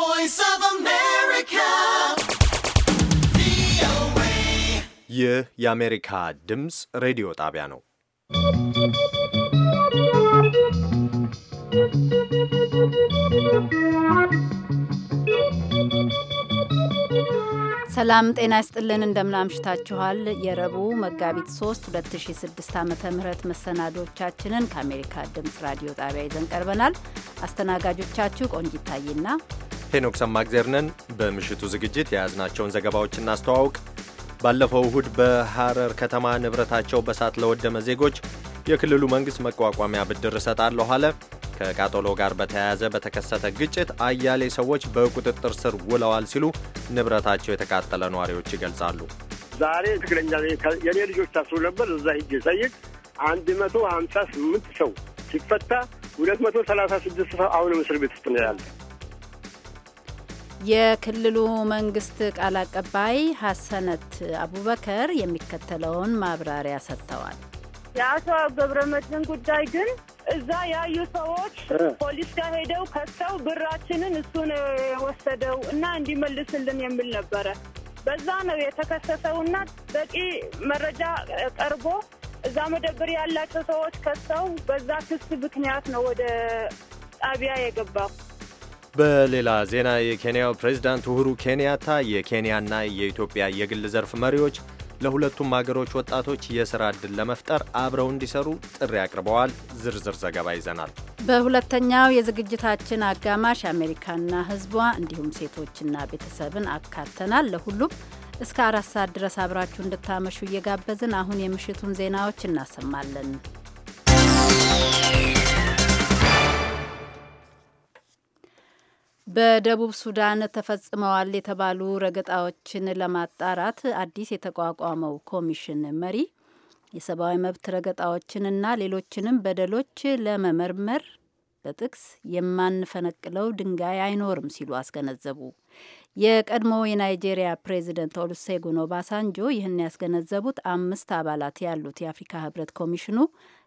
voice of America. ይህ የአሜሪካ ድምፅ ሬዲዮ ጣቢያ ነው። ሰላም ጤና ይስጥልን። እንደምናምሽታችኋል። የረቡዕ መጋቢት 3 2006 ዓ ም መሰናዶቻችንን ከአሜሪካ ድምፅ ራዲዮ ጣቢያ ይዘን ቀርበናል። አስተናጋጆቻችሁ ቆንጂት ታይና ሄኖክ ሰማግዜር ነን። በምሽቱ ዝግጅት የያዝናቸውን ዘገባዎች እናስተዋውቅ። ባለፈው እሁድ በሐረር ከተማ ንብረታቸው በሳት ለወደመ ዜጎች የክልሉ መንግሥት መቋቋሚያ ብድር እሰጣለሁ አለ። ከቃጠሎ ጋር በተያያዘ በተከሰተ ግጭት አያሌ ሰዎች በቁጥጥር ስር ውለዋል ሲሉ ንብረታቸው የተቃጠለ ነዋሪዎች ይገልጻሉ። ዛሬ ትክክለኛ የኔ ልጆች ታስሩ ነበር። እዛ ሂጅ ጠይቅ አንድ መቶ ሀምሳ ስምንት ሰው ሲፈታ ሁለት መቶ ሰላሳ ስድስት ሰው አሁንም እስር ቤት ውስጥ ነው ያለ። የክልሉ መንግስት ቃል አቀባይ ሀሰነት አቡበከር የሚከተለውን ማብራሪያ ሰጥተዋል። የአቶ ገብረ ጉዳይ ግን እዛ ያዩ ሰዎች ፖሊስ ጋር ሄደው ከሰው ብራችንን እሱ ነው የወሰደው እና እንዲመልስልን የሚል ነበረ። በዛ ነው የተከሰሰውና በቂ መረጃ ቀርቦ እዛ መደብር ያላቸው ሰዎች ከሰው በዛ ክስ ምክንያት ነው ወደ ጣቢያ የገባው። በሌላ ዜና የኬንያው ፕሬዝዳንት ኡሁሩ ኬንያታ የኬንያና የኢትዮጵያ የግል ዘርፍ መሪዎች ለሁለቱም አገሮች ወጣቶች የሥራ ዕድል ለመፍጠር አብረው እንዲሰሩ ጥሪ አቅርበዋል። ዝርዝር ዘገባ ይዘናል። በሁለተኛው የዝግጅታችን አጋማሽ አሜሪካና ሕዝቧ እንዲሁም ሴቶችና ቤተሰብን አካተናል። ለሁሉም እስከ አራት ሰዓት ድረስ አብራችሁ እንድታመሹ እየጋበዝን አሁን የምሽቱን ዜናዎች እናሰማለን። በደቡብ ሱዳን ተፈጽመዋል የተባሉ ረገጣዎችን ለማጣራት አዲስ የተቋቋመው ኮሚሽን መሪ የሰብአዊ መብት ረገጣዎችንና ሌሎችንም በደሎች ለመመርመር በጥቅስ የማንፈነቅለው ድንጋይ አይኖርም ሲሉ አስገነዘቡ። የቀድሞ የናይጄሪያ ፕሬዚደንት ኦሉሴጉን ኦባሳንጆ ይህን ያስገነዘቡት አምስት አባላት ያሉት የአፍሪካ ህብረት ኮሚሽኑ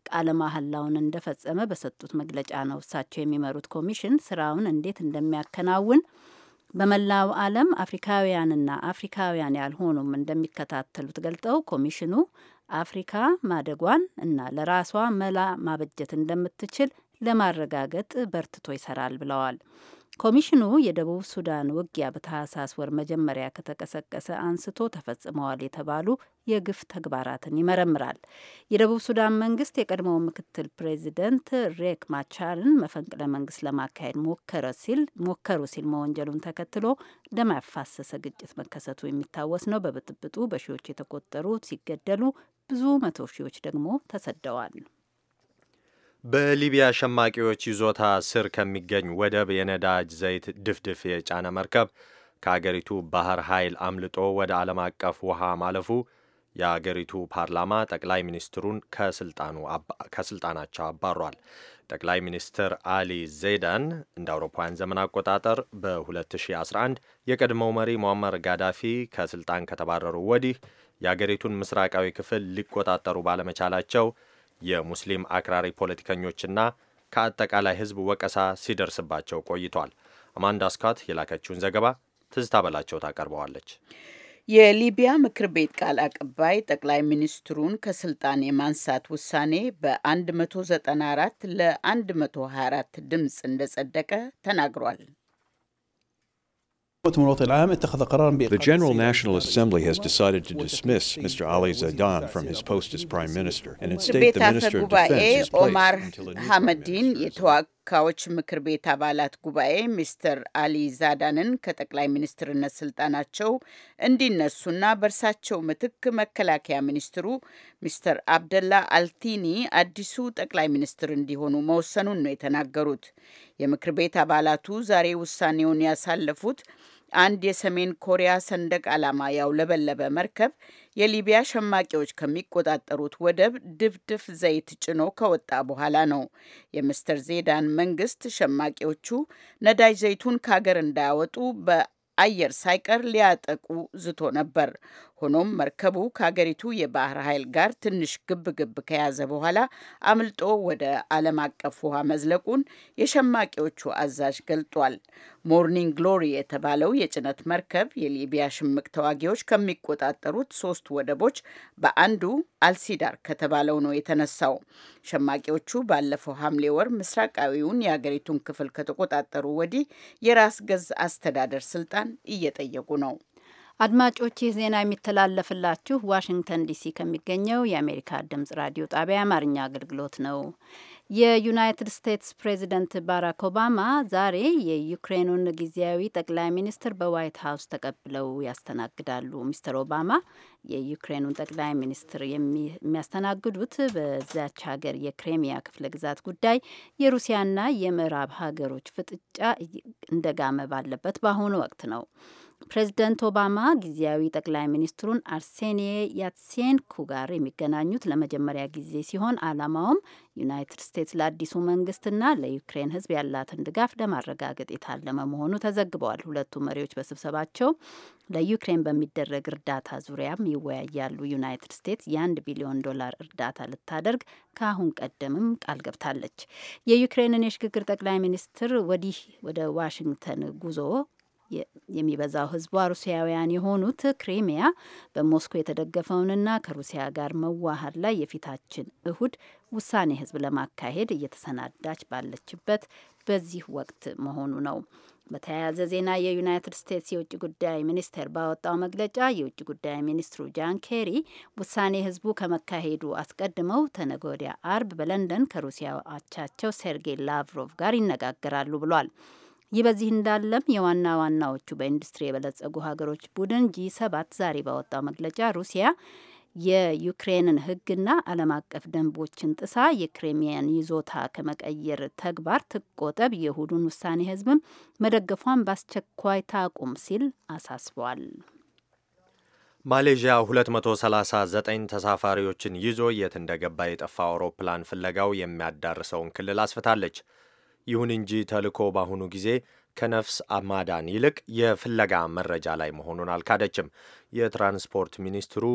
ቃለ መሐላውን እንደፈጸመ በሰጡት መግለጫ ነው። እሳቸው የሚመሩት ኮሚሽን ስራውን እንዴት እንደሚያከናውን በመላው ዓለም አፍሪካውያንና አፍሪካውያን ያልሆኑም እንደሚከታተሉት ገልጠው ኮሚሽኑ አፍሪካ ማደጓን እና ለራሷ መላ ማበጀት እንደምትችል ለማረጋገጥ በርትቶ ይሰራል ብለዋል። ኮሚሽኑ የደቡብ ሱዳን ውጊያ በታህሳስ ወር መጀመሪያ ከተቀሰቀሰ አንስቶ ተፈጽመዋል የተባሉ የግፍ ተግባራትን ይመረምራል። የደቡብ ሱዳን መንግስት የቀድሞው ምክትል ፕሬዚደንት ሬክ ማቻርን መፈንቅለ መንግስት ለማካሄድ ሞከሩ ሲል መወንጀሉን ተከትሎ ደም ያፋሰሰ ግጭት መከሰቱ የሚታወስ ነው። በብጥብጡ በሺዎች የተቆጠሩ ሲገደሉ፣ ብዙ መቶ ሺዎች ደግሞ ተሰደዋል። በሊቢያ ሸማቂዎች ይዞታ ስር ከሚገኝ ወደብ የነዳጅ ዘይት ድፍድፍ የጫነ መርከብ ከአገሪቱ ባህር ኃይል አምልጦ ወደ ዓለም አቀፍ ውሃ ማለፉ የአገሪቱ ፓርላማ ጠቅላይ ሚኒስትሩን ከስልጣናቸው አባሯል። ጠቅላይ ሚኒስትር አሊ ዘይዳን እንደ አውሮፓውያን ዘመን አቆጣጠር በ2011 የቀድሞው መሪ ሞአመር ጋዳፊ ከስልጣን ከተባረሩ ወዲህ የአገሪቱን ምስራቃዊ ክፍል ሊቆጣጠሩ ባለመቻላቸው የሙስሊም አክራሪ ፖለቲከኞችና ከአጠቃላይ ህዝብ ወቀሳ ሲደርስባቸው ቆይቷል። አማንዳ ስኳት የላከችውን ዘገባ ትዝታ በላቸው ታቀርበዋለች። የሊቢያ ምክር ቤት ቃል አቀባይ ጠቅላይ ሚኒስትሩን ከስልጣን የማንሳት ውሳኔ በ194 ለ124 ድምፅ እንደጸደቀ ተናግሯል። The General National Assembly has decided to dismiss Mr. Ali Zaidan from his post as Prime Minister and instead the Minister of Defense is Omar Hamadin የተወካዮች ምክር ቤት አባላት ጉባኤ ሚስተር አሊ ዛዳንን ከጠቅላይ ሚኒስትርነት ስልጣናቸው እንዲነሱና በእርሳቸው ምትክ መከላከያ ሚኒስትሩ ሚስተር አብደላ አልቲኒ አዲሱ ጠቅላይ ሚኒስትር እንዲሆኑ መወሰኑን ነው የተናገሩት። የምክር ቤት አባላቱ ዛሬ ውሳኔውን ያሳለፉት አንድ የሰሜን ኮሪያ ሰንደቅ ዓላማ ያውለበለበ መርከብ የሊቢያ ሸማቂዎች ከሚቆጣጠሩት ወደብ ድፍድፍ ዘይት ጭኖ ከወጣ በኋላ ነው። የምስተር ዜዳን መንግስት ሸማቂዎቹ ነዳጅ ዘይቱን ከሀገር እንዳያወጡ በአየር ሳይቀር ሊያጠቁ ዝቶ ነበር። ሆኖም መርከቡ ከሀገሪቱ የባህር ኃይል ጋር ትንሽ ግብ ግብ ከያዘ በኋላ አምልጦ ወደ ዓለም አቀፍ ውሃ መዝለቁን የሸማቂዎቹ አዛዥ ገልጧል። ሞርኒንግ ግሎሪ የተባለው የጭነት መርከብ የሊቢያ ሽምቅ ተዋጊዎች ከሚቆጣጠሩት ሶስት ወደቦች በአንዱ አልሲዳር ከተባለው ነው የተነሳው። ሸማቂዎቹ ባለፈው ሐምሌ ወር ምስራቃዊውን የአገሪቱን ክፍል ከተቆጣጠሩ ወዲህ የራስ ገዝ አስተዳደር ስልጣን እየጠየቁ ነው። አድማጮች ይህ ዜና የሚተላለፍላችሁ ዋሽንግተን ዲሲ ከሚገኘው የአሜሪካ ድምጽ ራዲዮ ጣቢያ የአማርኛ አገልግሎት ነው። የዩናይትድ ስቴትስ ፕሬዚደንት ባራክ ኦባማ ዛሬ የዩክሬኑን ጊዜያዊ ጠቅላይ ሚኒስትር በዋይት ሀውስ ተቀብለው ያስተናግዳሉ። ሚስተር ኦባማ የዩክሬኑን ጠቅላይ ሚኒስትር የሚያስተናግዱት በዚያች ሀገር የክሬሚያ ክፍለ ግዛት ጉዳይ የሩሲያና የምዕራብ ሀገሮች ፍጥጫ እንደጋመ ባለበት በአሁኑ ወቅት ነው። ፕሬዚደንት ኦባማ ጊዜያዊ ጠቅላይ ሚኒስትሩን አርሴኒ ያትሴንኩ ጋር የሚገናኙት ለመጀመሪያ ጊዜ ሲሆን ዓላማውም ዩናይትድ ስቴትስ ለአዲሱ መንግስትና ለዩክሬን ሕዝብ ያላትን ድጋፍ ለማረጋገጥ የታለመ መሆኑ ተዘግበዋል። ሁለቱ መሪዎች በስብሰባቸው ለዩክሬን በሚደረግ እርዳታ ዙሪያም ይወያያሉ። ዩናይትድ ስቴትስ የአንድ ቢሊዮን ዶላር እርዳታ ልታደርግ ከአሁን ቀደምም ቃል ገብታለች። የዩክሬንን የሽግግር ጠቅላይ ሚኒስትር ወዲህ ወደ ዋሽንግተን ጉዞ የሚበዛው ህዝቧ ሩሲያውያን የሆኑት ክሪሚያ በሞስኮ የተደገፈውንና ከሩሲያ ጋር መዋሃድ ላይ የፊታችን እሁድ ውሳኔ ህዝብ ለማካሄድ እየተሰናዳች ባለችበት በዚህ ወቅት መሆኑ ነው። በተያያዘ ዜና የዩናይትድ ስቴትስ የውጭ ጉዳይ ሚኒስቴር ባወጣው መግለጫ የውጭ ጉዳይ ሚኒስትሩ ጃን ኬሪ ውሳኔ ህዝቡ ከመካሄዱ አስቀድመው ተነጎዲያ አርብ በለንደን ከሩሲያ አቻቸው ሴርጌይ ላቭሮቭ ጋር ይነጋገራሉ ብሏል። ይህ በዚህ እንዳለም የዋና ዋናዎቹ በኢንዱስትሪ የበለጸጉ ሀገሮች ቡድን ጂ ሰባት ዛሬ ባወጣው መግለጫ ሩሲያ የዩክሬንን ሕግና ዓለም አቀፍ ደንቦችን ጥሳ የክሬሚያን ይዞታ ከመቀየር ተግባር ትቆጠብ፣ የእሁዱን ውሳኔ ሕዝብም መደገፏን በአስቸኳይ ታቁም ሲል አሳስቧል። ማሌዥያ 239 ተሳፋሪዎችን ይዞ የት እንደገባ የጠፋ አውሮፕላን ፍለጋው የሚያዳርሰውን ክልል አስፍታለች። ይሁን እንጂ ተልእኮ በአሁኑ ጊዜ ከነፍስ ማዳን ይልቅ የፍለጋ መረጃ ላይ መሆኑን አልካደችም። የትራንስፖርት ሚኒስትሩ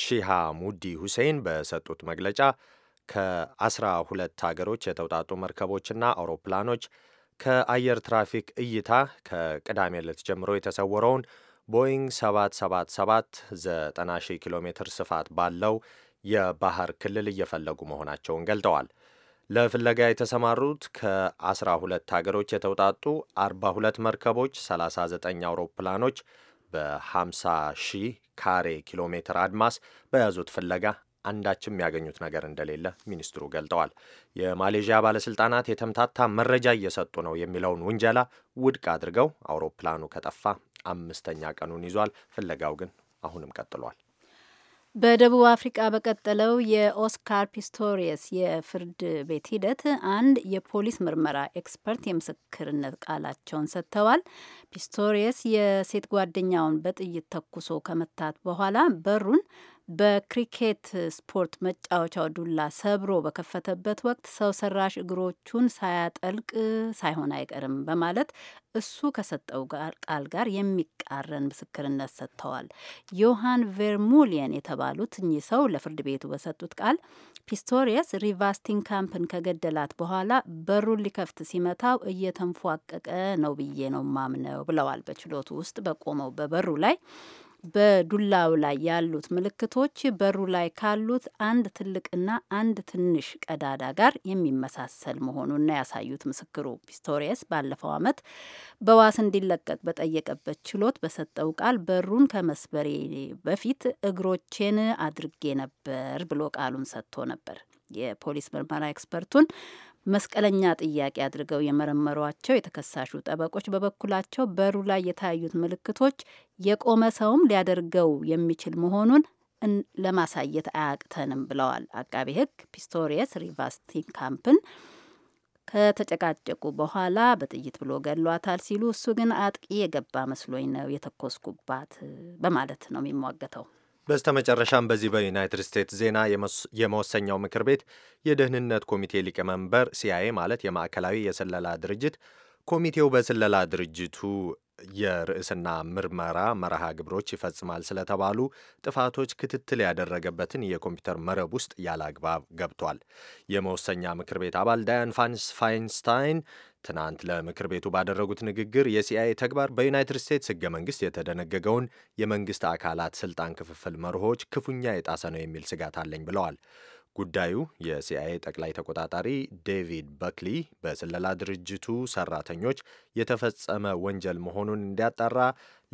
ሺሃ ሙዲ ሁሴን በሰጡት መግለጫ ከአስራ ሁለት ሀገሮች የተውጣጡ መርከቦችና አውሮፕላኖች ከአየር ትራፊክ እይታ ከቅዳሜ ዕለት ጀምሮ የተሰወረውን ቦይንግ 777 90 ኪሎ ሜትር ስፋት ባለው የባህር ክልል እየፈለጉ መሆናቸውን ገልጠዋል። ለፍለጋ የተሰማሩት ከ12 ሀገሮች የተውጣጡ 42 መርከቦች፣ 39 አውሮፕላኖች በ50 ሺህ ካሬ ኪሎ ሜትር አድማስ በያዙት ፍለጋ አንዳችም ያገኙት ነገር እንደሌለ ሚኒስትሩ ገልጠዋል። የማሌዥያ ባለስልጣናት የተምታታ መረጃ እየሰጡ ነው የሚለውን ውንጀላ ውድቅ አድርገው አውሮፕላኑ ከጠፋ አምስተኛ ቀኑን ይዟል። ፍለጋው ግን አሁንም ቀጥሏል። በደቡብ አፍሪቃ በቀጠለው የኦስካር ፒስቶሪየስ የፍርድ ቤት ሂደት አንድ የፖሊስ ምርመራ ኤክስፐርት የምስክርነት ቃላቸውን ሰጥተዋል። ፒስቶሪየስ የሴት ጓደኛውን በጥይት ተኩሶ ከመታት በኋላ በሩን በክሪኬት ስፖርት መጫወቻው ዱላ ሰብሮ በከፈተበት ወቅት ሰው ሰራሽ እግሮቹን ሳያጠልቅ ሳይሆን አይቀርም በማለት እሱ ከሰጠው ቃል ጋር የሚቃረን ምስክርነት ሰጥተዋል። ዮሃን ቬርሙሊየን የተባሉት እኚህ ሰው ለፍርድ ቤቱ በሰጡት ቃል ፒስቶሪየስ ሪቫስቲን ካምፕን ከገደላት በኋላ በሩን ሊከፍት ሲመታው እየተንፏቀቀ ነው ብዬ ነው ማምነው ብለዋል። በችሎቱ ውስጥ በቆመው በበሩ ላይ በዱላው ላይ ያሉት ምልክቶች በሩ ላይ ካሉት አንድ ትልቅና አንድ ትንሽ ቀዳዳ ጋር የሚመሳሰል መሆኑን ያሳዩት ምስክሩ። ፒስቶሪየስ ባለፈው ዓመት በዋስ እንዲለቀቅ በጠየቀበት ችሎት በሰጠው ቃል በሩን ከመስበሬ በፊት እግሮቼን አድርጌ ነበር ብሎ ቃሉን ሰጥቶ ነበር። የፖሊስ ምርመራ ኤክስፐርቱን መስቀለኛ ጥያቄ አድርገው የመረመሯቸው የተከሳሹ ጠበቆች በበኩላቸው በሩ ላይ የታዩት ምልክቶች የቆመ ሰውም ሊያደርገው የሚችል መሆኑን ለማሳየት አያቅተንም ብለዋል። አቃቤ ሕግ ፒስቶሪየስ ሪቫስቲን ካምፕን ከተጨቃጨቁ በኋላ በጥይት ብሎ ገሏታል ሲሉ እሱ ግን አጥቂ የገባ መስሎኝ ነው የተኮስኩባት በማለት ነው የሚሟገተው። በስተመጨረሻም በዚህ በዩናይትድ ስቴትስ ዜና የመወሰኛው ምክር ቤት የደህንነት ኮሚቴ ሊቀመንበር ሲአይኤ ማለት የማዕከላዊ የስለላ ድርጅት ኮሚቴው በስለላ ድርጅቱ የርዕስና ምርመራ መርሃ ግብሮች ይፈጽማል ስለተባሉ ጥፋቶች ክትትል ያደረገበትን የኮምፒውተር መረብ ውስጥ ያለ አግባብ ገብቷል። የመወሰኛ ምክር ቤት አባል ዳያን ፋንስ ፋይንስታይን ትናንት ለምክር ቤቱ ባደረጉት ንግግር የሲአይኤ ተግባር በዩናይትድ ስቴትስ ህገ መንግስት የተደነገገውን የመንግስት አካላት ስልጣን ክፍፍል መርሆች ክፉኛ የጣሰ ነው የሚል ስጋት አለኝ ብለዋል። ጉዳዩ የሲአይኤ ጠቅላይ ተቆጣጣሪ ዴቪድ በክሊ በስለላ ድርጅቱ ሰራተኞች የተፈጸመ ወንጀል መሆኑን እንዲያጣራ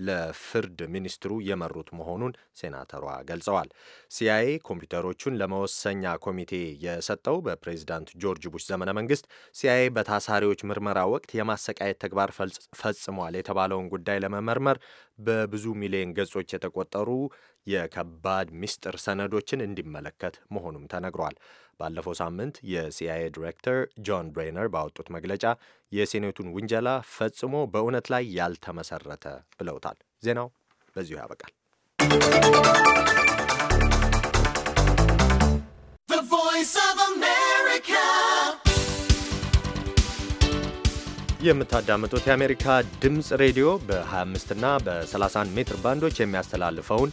ለፍርድ ሚኒስትሩ የመሩት መሆኑን ሴናተሯ ገልጸዋል። ሲአይኤ ኮምፒውተሮቹን ለመወሰኛ ኮሚቴ የሰጠው በፕሬዚዳንት ጆርጅ ቡሽ ዘመነ መንግስት ሲአይኤ በታሳሪዎች ምርመራ ወቅት የማሰቃየት ተግባር ፈጽሟል የተባለውን ጉዳይ ለመመርመር በብዙ ሚሊዮን ገጾች የተቆጠሩ የከባድ ምስጢር ሰነዶችን እንዲመለከት መሆኑም ተነግሯል። ባለፈው ሳምንት የሲአይኤ ዲሬክተር ጆን ብሬነር ባወጡት መግለጫ የሴኔቱን ውንጀላ ፈጽሞ በእውነት ላይ ያልተመሰረተ ብለውታል። ዜናው በዚሁ ያበቃል። የምታዳምጡት የአሜሪካ ድምፅ ሬዲዮ በ25 እና በ31 ሜትር ባንዶች የሚያስተላልፈውን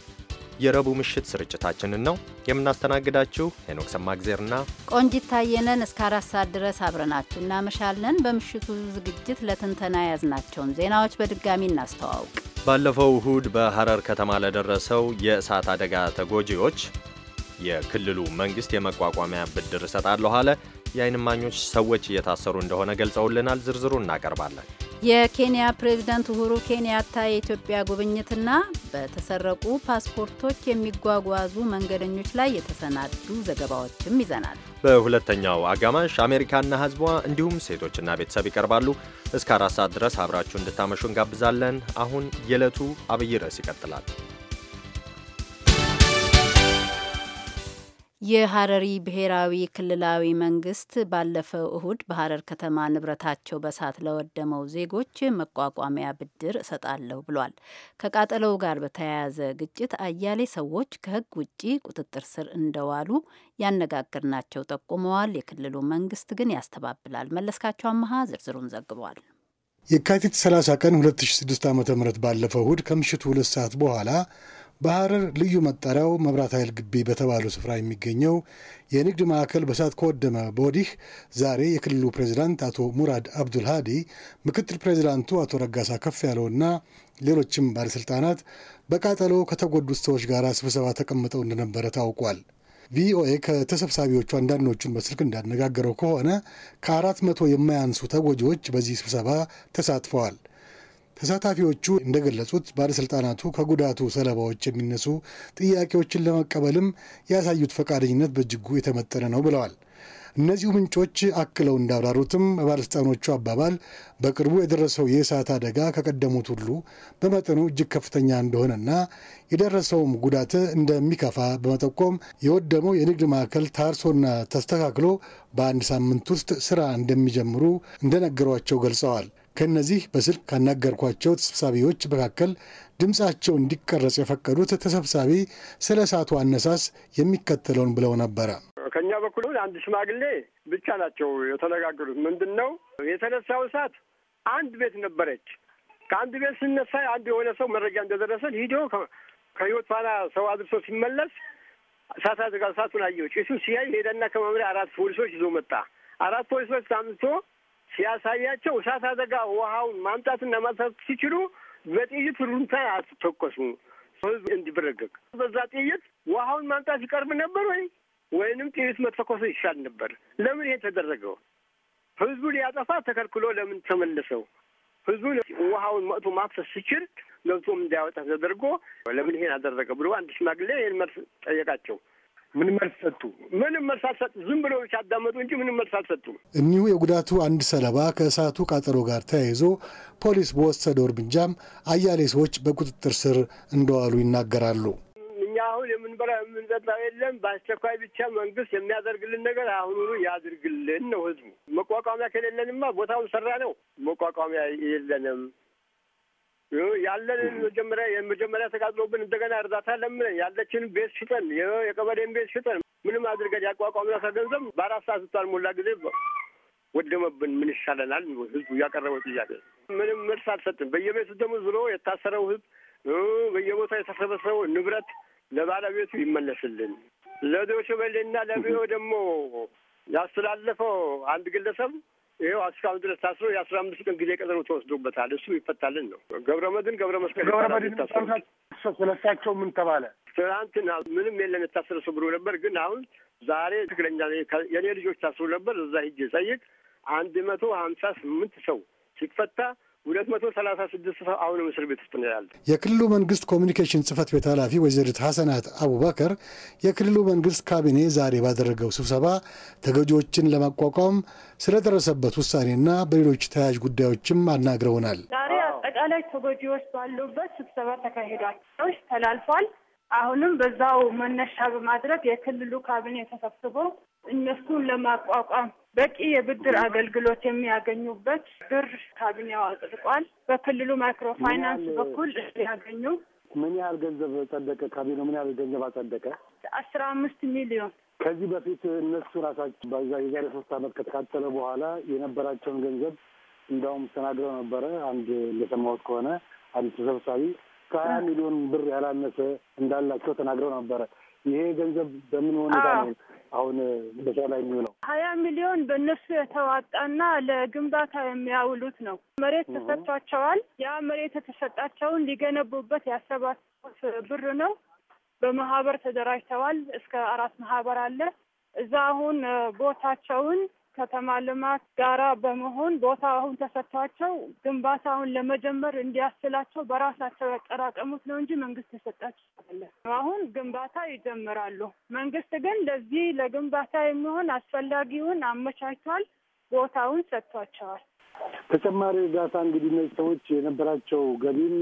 የረቡዕ ምሽት ስርጭታችንን ነው የምናስተናግዳችሁ። ሄኖክ ሰማግዜርና ቆንጂት ታየነን እስከ አራት ሰዓት ድረስ አብረናችሁ እናመሻለን። በምሽቱ ዝግጅት ለትንተና የያዝናቸውን ዜናዎች በድጋሚ እናስተዋውቅ። ባለፈው እሁድ በሐረር ከተማ ለደረሰው የእሳት አደጋ ተጎጂዎች የክልሉ መንግስት የመቋቋሚያ ብድር እሰጣለሁ አለ። የአይንማኞች ሰዎች እየታሰሩ እንደሆነ ገልጸውልናል። ዝርዝሩ እናቀርባለን። የኬንያ ፕሬዝደንት ኡሁሩ ኬንያታ የኢትዮጵያ ጉብኝትና በተሰረቁ ፓስፖርቶች የሚጓጓዙ መንገደኞች ላይ የተሰናዱ ዘገባዎችም ይዘናል። በሁለተኛው አጋማሽ አሜሪካና ሕዝቧ እንዲሁም ሴቶችና ቤተሰብ ይቀርባሉ። እስከ አራት ሰዓት ድረስ አብራችሁ እንድታመሹ እንጋብዛለን። አሁን የዕለቱ አብይ ርዕስ ይቀጥላል። የሀረሪ ብሔራዊ ክልላዊ መንግስት ባለፈው እሁድ በሀረር ከተማ ንብረታቸው በሳት ለወደመው ዜጎች መቋቋሚያ ብድር እሰጣለሁ ብሏል። ከቃጠለው ጋር በተያያዘ ግጭት አያሌ ሰዎች ከህግ ውጪ ቁጥጥር ስር እንደዋሉ ያነጋግርናቸው ጠቁመዋል። የክልሉ መንግስት ግን ያስተባብላል። መለስካቸው አመሃ ዝርዝሩን ዘግቧል። የካቲት 30 ቀን 2006 ዓ ም ባለፈው እሁድ ከምሽቱ ሁለት ሰዓት በኋላ በሐረር ልዩ መጠሪያው መብራት ኃይል ግቢ በተባለው ስፍራ የሚገኘው የንግድ ማዕከል በእሳት ከወደመ በወዲህ ዛሬ የክልሉ ፕሬዚዳንት አቶ ሙራድ አብዱልሃዲ፣ ምክትል ፕሬዚዳንቱ አቶ ረጋሳ ከፍ ያለውና ሌሎችም ባለሥልጣናት በቃጠሎ ከተጎዱት ሰዎች ጋር ስብሰባ ተቀምጠው እንደነበረ ታውቋል። ቪኦኤ ከተሰብሳቢዎቹ አንዳንዶቹን በስልክ እንዳነጋገረው ከሆነ ከአራት መቶ የማያንሱ ተጎጂዎች በዚህ ስብሰባ ተሳትፈዋል። ተሳታፊዎቹ እንደገለጹት ባለስልጣናቱ ከጉዳቱ ሰለባዎች የሚነሱ ጥያቄዎችን ለመቀበልም ያሳዩት ፈቃደኝነት በእጅጉ የተመጠነ ነው ብለዋል። እነዚሁ ምንጮች አክለው እንዳብራሩትም በባለስልጣኖቹ አባባል በቅርቡ የደረሰው የእሳት አደጋ ከቀደሙት ሁሉ በመጠኑ እጅግ ከፍተኛ እንደሆነና የደረሰውም ጉዳት እንደሚከፋ በመጠቆም የወደመው የንግድ ማዕከል ታርሶና ተስተካክሎ በአንድ ሳምንት ውስጥ ስራ እንደሚጀምሩ እንደነገሯቸው ገልጸዋል። ከእነዚህ በስልክ ካናገርኳቸው ተሰብሳቢዎች መካከል ድምፃቸው እንዲቀረጽ የፈቀዱት ተሰብሳቢ ስለ እሳቱ አነሳስ የሚከተለውን ብለው ነበረ። ከእኛ በኩል አንድ ሽማግሌ ብቻ ናቸው የተነጋገሩት። ምንድን ነው የተነሳው እሳት አንድ ቤት ነበረች። ከአንድ ቤት ስነሳ አንድ የሆነ ሰው መረጃ እንደደረሰን ሂዶ ከህይወት ፋና ሰው አድርሶ ሲመለስ እሳት አደጋ እሳቱን አየው። ጭሱ ሲያይ ሄደና ከመምሪያ አራት ፖሊሶች ይዞ መጣ። አራት ፖሊሶች ታምቶ ሲያሳያቸው እሳት አደጋ ውሃውን ማምጣትና ማንሳት ሲችሉ በጥይት ሩምታ አስተኮሱ። ህዝብ እንዲበረገግ በዛ ጥይት ውሃውን ማምጣት ይቀርብ ነበር ወይ ወይንም ጥይት መተኮሱ ይሻል ነበር? ለምን ይሄ ተደረገው? ህዝቡ ሊያጠፋ ተከልክሎ ለምን ተመለሰው? ህዝቡ ውሃውን መጥቶ ማፍሰስ ሲችል ለብቶም እንዳያወጣ ተደርጎ ለምን ይሄን አደረገ ብሎ አንድ ሽማግሌ ይህን መልስ ጠየቃቸው። ምንም መልስ ሰጡ? ምንም መልስ አልሰጡ። ዝም ብለው ሲያዳመጡ እንጂ ምንም መልስ አልሰጡ። እኒሁ የጉዳቱ አንድ ሰለባ ከእሳቱ ቃጠሎ ጋር ተያይዞ ፖሊስ በወሰደው እርምጃም አያሌ ሰዎች በቁጥጥር ስር እንደዋሉ ይናገራሉ። እኛ አሁን የምንበላ የምንጠጣው የለም። በአስቸኳይ ብቻ መንግስት የሚያደርግልን ነገር አሁኑኑ ያድርግልን ነው ህዝቡ። መቋቋሚያ ከሌለንማ ቦታውን ሰራ ነው። መቋቋሚያ የለንም ያለንን መጀመሪያ የመጀመሪያ ተቃጥሎብን እንደገና እርዳታ ለምነን ያለችን ቤት ሽጠን የቀበሌን ቤት ሽጠን ምንም አድርገን ያቋቋምነው ከገንዘብ በአራት ሰዓት ሞላ ጊዜ ወደመብን። ምን ይሻለናል? ህዝቡ ያቀረበው ጥያቄ ምንም መልስ አልሰጥም። በየቤቱ ደግሞ ዝሮ የታሰረው ህዝብ በየቦታ የተሰበሰበው ንብረት ለባለቤቱ ይመለስልን። ለዶይቼ ቬለና ለቢሮ ደግሞ ያስተላለፈው አንድ ግለሰብ ይኸው እስካሁን ድረስ ታስሮ የአስራ አምስት ቀን ጊዜ ቀጠሮ ተወስዶበታል። እሱ ይፈታልን ነው። ገብረ መድን ገብረ መስቀል ገብረ መድን ስለሳቸው ምን ተባለ? ትናንትና ምንም የለም የታሰረ ሰው ብሎ ነበር። ግን አሁን ዛሬ ትግረኛ የኔ ልጆች ታስሮ ነበር። እዛ ሂጅ ጠይቅ አንድ መቶ ሀምሳ ስምንት ሰው ሲፈታ ሁለት መቶ ሰላሳ ስድስት ሰው አሁንም እስር ቤት ውስጥ ነው ያለ። የክልሉ መንግስት ኮሚኒኬሽን ጽህፈት ቤት ኃላፊ ወይዘሪት ሐሰናት አቡበከር የክልሉ መንግስት ካቢኔ ዛሬ ባደረገው ስብሰባ ተገጂዎችን ለማቋቋም ስለደረሰበት ውሳኔና በሌሎች ተያያዥ ጉዳዮችም አናግረውናል። ዛሬ አጠቃላይ ተጎጂዎች ባሉበት ስብሰባ ተካሂዷል፣ ተላልፏል። አሁንም በዛው መነሻ በማድረግ የክልሉ ካቢኔ ተሰብስቦ እነሱን ለማቋቋም በቂ የብድር አገልግሎት የሚያገኙበት ብር ካቢኔው አጽድቋል። በክልሉ ማይክሮ ፋይናንስ በኩል ያገኙ ምን ያህል ገንዘብ ጸደቀ? ካቢኔው ምን ያህል ገንዘብ አጸደቀ? አስራ አምስት ሚሊዮን ከዚህ በፊት እነሱ ራሳቸው የዛሬ ሶስት ዓመት ከተካተለ በኋላ የነበራቸውን ገንዘብ እንዳውም ተናግረው ነበረ። አንድ እንደሰማሁት ከሆነ አንድ ተሰብሳቢ ከሀያ ሚሊዮን ብር ያላነሰ እንዳላቸው ተናግረው ነበረ። ይሄ ገንዘብ በምን ሁኔታ ነው አሁን መጨረሻ ላይ የሚውለው ሀያ ሚሊዮን በእነሱ የተዋጣና ለግንባታ የሚያውሉት ነው። መሬት ተሰጥቷቸዋል። ያ መሬት የተሰጣቸውን ሊገነቡበት ያሰባሰቡት ብር ነው። በማህበር ተደራጅተዋል። እስከ አራት ማህበር አለ። እዛ አሁን ቦታቸውን ከተማ ልማት ጋራ በመሆን ቦታ አሁን ተሰጥቷቸው ግንባታውን ለመጀመር እንዲያስችላቸው በራሳቸው ያጠራቀሙት ነው እንጂ መንግስት የሰጣቸው አሁን ግንባታ ይጀምራሉ። መንግስት ግን ለዚህ ለግንባታ የሚሆን አስፈላጊውን አመቻችቷል፣ ቦታውን ሰጥቷቸዋል። ተጨማሪ እርዳታ እንግዲህ እነዚህ ሰዎች የነበራቸው ገቢም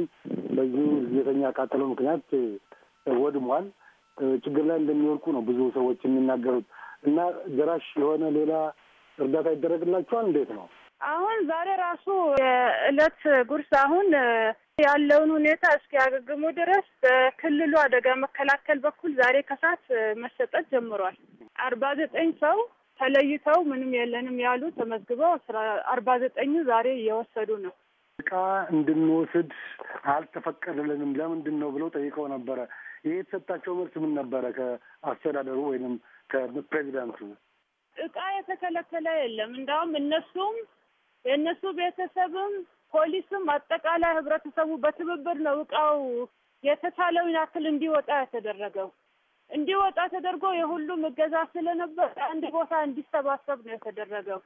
በዚሁ የተኛ ቃጠሎ ምክንያት ወድሟል። ችግር ላይ እንደሚወርቁ ነው ብዙ ሰዎች የሚናገሩት እና ደራሽ የሆነ ሌላ እርዳታ ይደረግላችኋል? እንዴት ነው አሁን ዛሬ ራሱ የእለት ጉርስ አሁን ያለውን ሁኔታ እስኪያገግሙ ድረስ በክልሉ አደጋ መከላከል በኩል ዛሬ ከሰዓት መሰጠት ጀምሯል። አርባ ዘጠኝ ሰው ተለይተው ምንም የለንም ያሉ ተመዝግበው አርባ ዘጠኙ ዛሬ እየወሰዱ ነው። እቃ እንድንወስድ አልተፈቀደልንም ለምንድን ነው ብለው ጠይቀው ነበረ። ይህ የተሰጣቸው መልስ ምን ነበረ? ከአስተዳደሩ ወይንም ከፕሬዚዳንቱ እቃ የተከለከለ የለም። እንዲያውም እነሱም የእነሱ ቤተሰብም ፖሊስም አጠቃላይ ህብረተሰቡ በትብብር ነው እቃው የተቻለውን ያክል እንዲወጣ የተደረገው። እንዲወጣ ተደርጎ የሁሉም እገዛ ስለነበር አንድ ቦታ እንዲሰባሰብ ነው የተደረገው።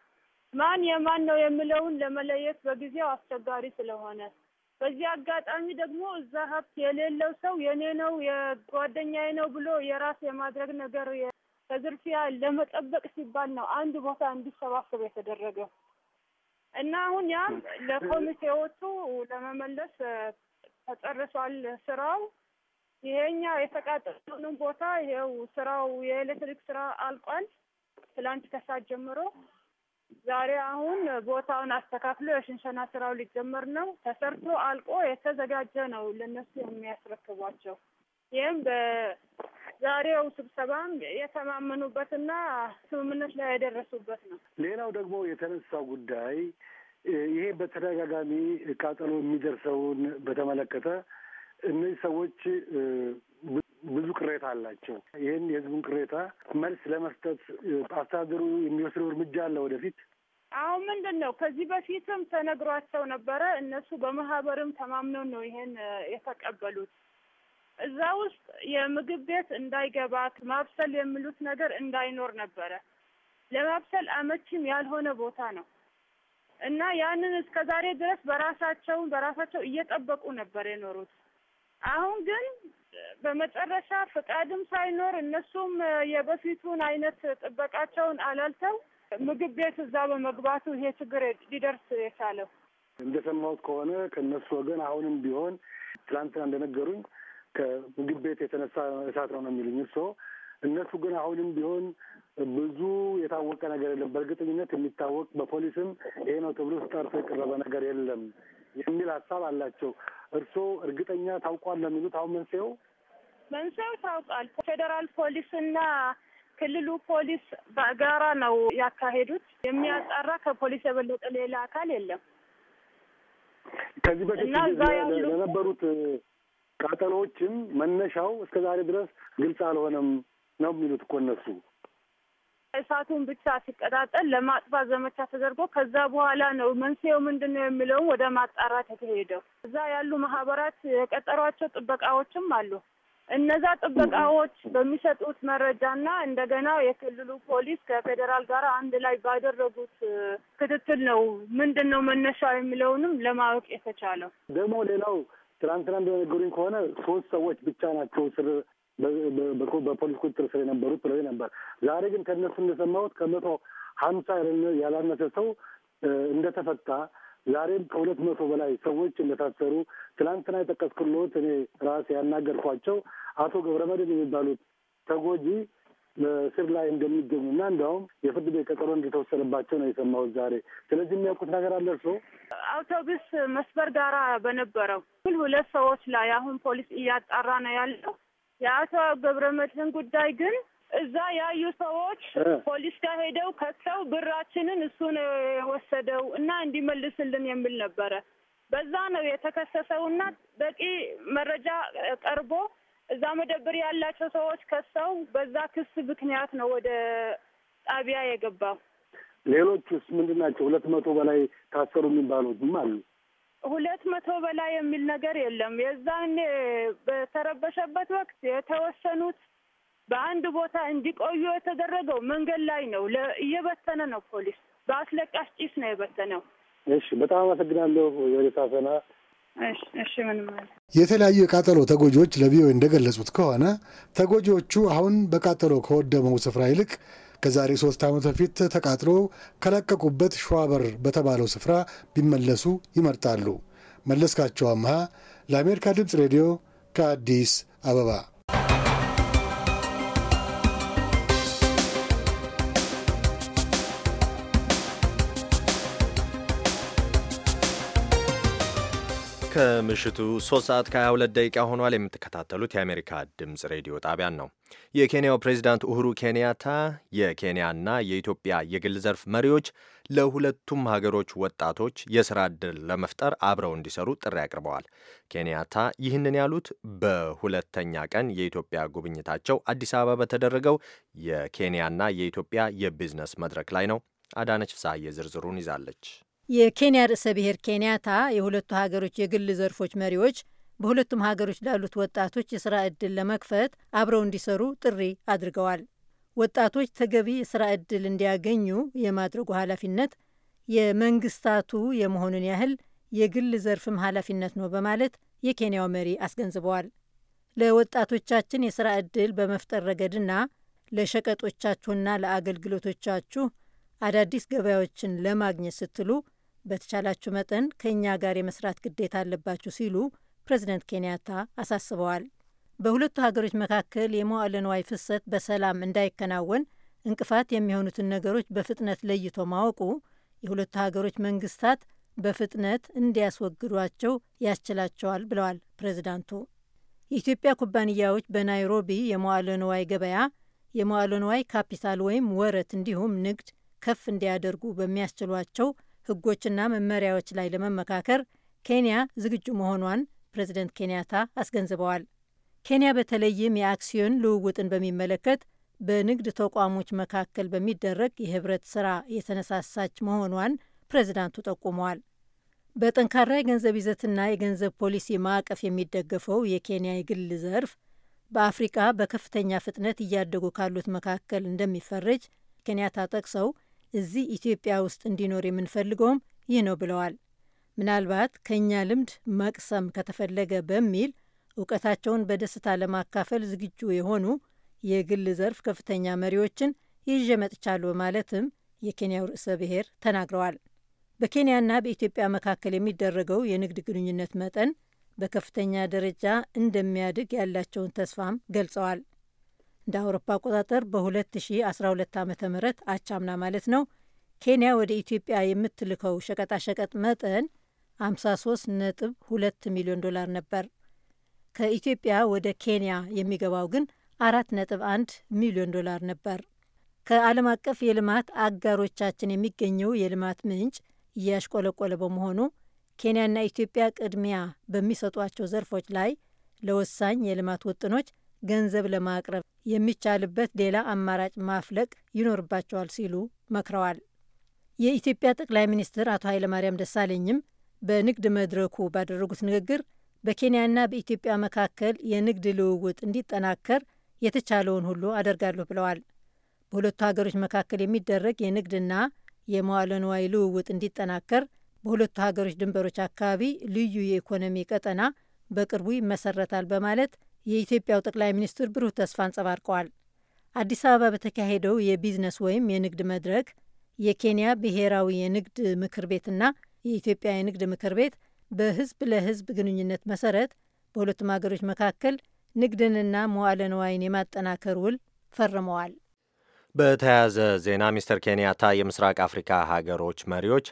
ማን የማን ነው የሚለውን ለመለየት በጊዜው አስቸጋሪ ስለሆነ በዚህ አጋጣሚ ደግሞ እዛ ሀብት የሌለው ሰው የኔ ነው የጓደኛዬ ነው ብሎ የራስ የማድረግ ነገር ከዝርፊያ ለመጠበቅ ሲባል ነው አንድ ቦታ እንዲሰባሰብ የተደረገው እና አሁን ያም ለኮሚቴዎቹ ለመመለስ ተጨርሷል ስራው። ይሄኛ የተቃጠለውን ቦታ ይሄው ስራው የኤሌክትሪክ ስራ አልቋል። ትላንት ከሰዓት ጀምሮ ዛሬ አሁን ቦታውን አስተካክሎ የሽንሸና ስራው ሊጀመር ነው። ተሰርቶ አልቆ የተዘጋጀ ነው ለነሱ የሚያስረክቧቸው። ይህም ዛሬው ስብሰባም የተማመኑበትና ስምምነት ላይ የደረሱበት ነው። ሌላው ደግሞ የተነሳው ጉዳይ ይሄ በተደጋጋሚ ቃጠሎ የሚደርሰውን በተመለከተ እነዚህ ሰዎች ብዙ ቅሬታ አላቸው። ይህን የህዝቡን ቅሬታ መልስ ለመስጠት አስተዳደሩ የሚወስደው እርምጃ አለ ወደፊት አሁን ምንድን ነው ከዚህ በፊትም ተነግሯቸው ነበረ። እነሱ በማህበርም ተማምነው ነው ይሄን የተቀበሉት። እዛ ውስጥ የምግብ ቤት እንዳይገባ ማብሰል የሚሉት ነገር እንዳይኖር ነበረ። ለማብሰል አመቺም ያልሆነ ቦታ ነው እና ያንን እስከ ዛሬ ድረስ በራሳቸው በራሳቸው እየጠበቁ ነበር የኖሩት። አሁን ግን በመጨረሻ ፍቃድም ሳይኖር እነሱም የበፊቱን አይነት ጥበቃቸውን አላልተው ምግብ ቤት እዛ በመግባቱ ይሄ ችግር ሊደርስ የቻለው እንደሰማሁት ከሆነ ከእነሱ ወገን አሁንም ቢሆን ትላንትና እንደነገሩኝ ከምግብ ቤት የተነሳ እሳት ነው ነው የሚሉኝ እርሶ። እነሱ ግን አሁንም ቢሆን ብዙ የታወቀ ነገር የለም። በእርግጠኝነት የሚታወቅ በፖሊስም ይሄ ነው ተብሎ ተጣርቶ የቀረበ ነገር የለም የሚል ሀሳብ አላቸው። እርሶ እርግጠኛ ታውቋል ለሚሉት አሁን መንስኤው መንስኤው ታውቋል። ፌዴራል ፖሊስና ክልሉ ፖሊስ በጋራ ነው ያካሄዱት። የሚያጣራ ከፖሊስ የበለጠ ሌላ አካል የለም። ከዚህ በፊት ለነበሩት ቃጠሎዎችም መነሻው እስከ ዛሬ ድረስ ግልጽ አልሆነም ነው የሚሉት እኮ እነሱ። እሳቱን ብቻ ሲቀጣጠል ለማጥፋት ዘመቻ ተደርጎ ከዛ በኋላ ነው መንስኤው ምንድን ነው የሚለውን ወደ ማጣራት የተሄደው። እዛ ያሉ ማህበራት የቀጠሯቸው ጥበቃዎችም አሉ። እነዛ ጥበቃዎች በሚሰጡት መረጃና እንደገና የክልሉ ፖሊስ ከፌዴራል ጋር አንድ ላይ ባደረጉት ክትትል ነው ምንድን ነው መነሻ የሚለውንም ለማወቅ የተቻለው። ደግሞ ሌላው ትናንትና እንደነገሩኝ ከሆነ ሶስት ሰዎች ብቻ ናቸው ስር በፖሊስ ቁጥጥር ስር የነበሩት ብለው ነበር። ዛሬ ግን ከእነሱ እንደሰማሁት ከመቶ ሀምሳ ያላነሰ ሰው እንደተፈታ ዛሬም ከሁለት መቶ በላይ ሰዎች እንደታሰሩ ትናንትና የጠቀስኩልዎት እኔ ራሴ ያናገርኳቸው አቶ ገብረመድን የሚባሉት ተጎጂ በስር ላይ እንደሚገኙ እና እንዲያውም የፍርድ ቤት ቀጠሮ እንደተወሰነባቸው ነው የሰማሁት ዛሬ። ስለዚህ የሚያውቁት ነገር አለ እርስዎ? አውቶቡስ መስበር ጋራ በነበረው ግን ሁለት ሰዎች ላይ አሁን ፖሊስ እያጣራ ነው ያለው። የአቶ ገብረመድህን ጉዳይ ግን እዛ ያዩ ሰዎች ፖሊስ ጋር ሄደው ከሰው ብራችንን እሱ ነው የወሰደው እና እንዲመልስልን የሚል ነበረ። በዛ ነው እና በቂ መረጃ ቀርቦ እዛ መደብር ያላቸው ሰዎች ከሰው በዛ ክስ ምክንያት ነው ወደ ጣቢያ የገባው። ሌሎቹስ ምንድን ናቸው? ሁለት መቶ በላይ ታሰሩ የሚባሉትም አሉ። ሁለት መቶ በላይ የሚል ነገር የለም። የዛኔ በተረበሸበት ወቅት የተወሰኑት በአንድ ቦታ እንዲቆዩ የተደረገው መንገድ ላይ ነው። እየበተነ ነው ፖሊስ፣ በአስለቃሽ ጭስ ነው የበተነው። እሺ፣ በጣም አመሰግናለሁ ወይዘሪት አሰና የተለያዩ የቃጠሎ ተጎጂዎች ለቪኦኤ እንደገለጹት ከሆነ ተጎጂዎቹ አሁን በቃጠሎ ከወደመው ስፍራ ይልቅ ከዛሬ ሶስት ዓመት በፊት ተቃጥሎ ከለቀቁበት ሸዋበር በተባለው ስፍራ ቢመለሱ ይመርጣሉ። መለስካቸው አምሃ ለአሜሪካ ድምፅ ሬዲዮ ከአዲስ አበባ ከምሽቱ 3 ሰዓት ከ22 ደቂቃ ሆኗል። የምትከታተሉት የአሜሪካ ድምፅ ሬዲዮ ጣቢያን ነው። የኬንያው ፕሬዚዳንት ኡሁሩ ኬንያታ የኬንያና የኢትዮጵያ የግል ዘርፍ መሪዎች ለሁለቱም ሀገሮች ወጣቶች የሥራ ዕድል ለመፍጠር አብረው እንዲሰሩ ጥሪ አቅርበዋል። ኬንያታ ይህንን ያሉት በሁለተኛ ቀን የኢትዮጵያ ጉብኝታቸው አዲስ አበባ በተደረገው የኬንያና የኢትዮጵያ የቢዝነስ መድረክ ላይ ነው። አዳነች ፍሳሐ ዝርዝሩን ይዛለች። የኬንያ ርዕሰ ብሔር ኬንያታ የሁለቱ ሀገሮች የግል ዘርፎች መሪዎች በሁለቱም ሀገሮች ላሉት ወጣቶች የስራ ዕድል ለመክፈት አብረው እንዲሰሩ ጥሪ አድርገዋል። ወጣቶች ተገቢ የስራ ዕድል እንዲያገኙ የማድረጉ ኃላፊነት የመንግስታቱ የመሆኑን ያህል የግል ዘርፍም ኃላፊነት ነው በማለት የኬንያው መሪ አስገንዝበዋል። ለወጣቶቻችን የስራ ዕድል በመፍጠር ረገድና ለሸቀጦቻችሁና ለአገልግሎቶቻችሁ አዳዲስ ገበያዎችን ለማግኘት ስትሉ በተቻላችሁ መጠን ከእኛ ጋር የመስራት ግዴታ አለባችሁ ሲሉ ፕሬዚደንት ኬንያታ አሳስበዋል። በሁለቱ ሀገሮች መካከል የመዋዕለ ንዋይ ፍሰት በሰላም እንዳይከናወን እንቅፋት የሚሆኑትን ነገሮች በፍጥነት ለይቶ ማወቁ የሁለቱ ሀገሮች መንግስታት በፍጥነት እንዲያስወግዷቸው ያስችላቸዋል ብለዋል ፕሬዚዳንቱ። የኢትዮጵያ ኩባንያዎች በናይሮቢ የመዋዕለ ንዋይ ገበያ የመዋዕለ ንዋይ ካፒታል ወይም ወረት እንዲሁም ንግድ ከፍ እንዲያደርጉ በሚያስችሏቸው ህጎችና መመሪያዎች ላይ ለመመካከር ኬንያ ዝግጁ መሆኗን ፕሬዚደንት ኬንያታ አስገንዝበዋል። ኬንያ በተለይም የአክሲዮን ልውውጥን በሚመለከት በንግድ ተቋሞች መካከል በሚደረግ የህብረት ስራ የተነሳሳች መሆኗን ፕሬዚዳንቱ ጠቁመዋል። በጠንካራ የገንዘብ ይዘትና የገንዘብ ፖሊሲ ማዕቀፍ የሚደገፈው የኬንያ የግል ዘርፍ በአፍሪቃ በከፍተኛ ፍጥነት እያደጉ ካሉት መካከል እንደሚፈረጅ ኬንያታ ጠቅሰው እዚህ ኢትዮጵያ ውስጥ እንዲኖር የምንፈልገውም ይህ ነው ብለዋል። ምናልባት ከእኛ ልምድ መቅሰም ከተፈለገ በሚል እውቀታቸውን በደስታ ለማካፈል ዝግጁ የሆኑ የግል ዘርፍ ከፍተኛ መሪዎችን ይዤ መጥቻለሁ በማለትም የኬንያው ርዕሰ ብሔር ተናግረዋል። በኬንያና በኢትዮጵያ መካከል የሚደረገው የንግድ ግንኙነት መጠን በከፍተኛ ደረጃ እንደሚያድግ ያላቸውን ተስፋም ገልጸዋል። እንደ አውሮፓ አቆጣጠር በ2012 ዓ ም አቻምና ማለት ነው። ኬንያ ወደ ኢትዮጵያ የምትልከው ሸቀጣሸቀጥ መጠን 53.2 ሚሊዮን ዶላር ነበር። ከኢትዮጵያ ወደ ኬንያ የሚገባው ግን 4.1 ሚሊዮን ዶላር ነበር። ከዓለም አቀፍ የልማት አጋሮቻችን የሚገኘው የልማት ምንጭ እያሽቆለቆለ በመሆኑ ኬንያና ኢትዮጵያ ቅድሚያ በሚሰጧቸው ዘርፎች ላይ ለወሳኝ የልማት ውጥኖች ገንዘብ ለማቅረብ የሚቻልበት ሌላ አማራጭ ማፍለቅ ይኖርባቸዋል ሲሉ መክረዋል። የኢትዮጵያ ጠቅላይ ሚኒስትር አቶ ኃይለማርያም ደሳለኝም በንግድ መድረኩ ባደረጉት ንግግር በኬንያና በኢትዮጵያ መካከል የንግድ ልውውጥ እንዲጠናከር የተቻለውን ሁሉ አደርጋለሁ ብለዋል። በሁለቱ ሀገሮች መካከል የሚደረግ የንግድና የመዋለ ንዋይ ልውውጥ እንዲጠናከር በሁለቱ ሀገሮች ድንበሮች አካባቢ ልዩ የኢኮኖሚ ቀጠና በቅርቡ ይመሰረታል በማለት የኢትዮጵያው ጠቅላይ ሚኒስትር ብሩህ ተስፋ አንጸባርቀዋል። አዲስ አበባ በተካሄደው የቢዝነስ ወይም የንግድ መድረክ የኬንያ ብሔራዊ የንግድ ምክር ቤትና የኢትዮጵያ የንግድ ምክር ቤት በህዝብ ለህዝብ ግንኙነት መሰረት በሁለቱም ሀገሮች መካከል ንግድንና መዋዕለ ንዋይን የማጠናከር ውል ፈርመዋል። በተያያዘ ዜና ሚስተር ኬንያታ የምስራቅ አፍሪካ ሀገሮች መሪዎች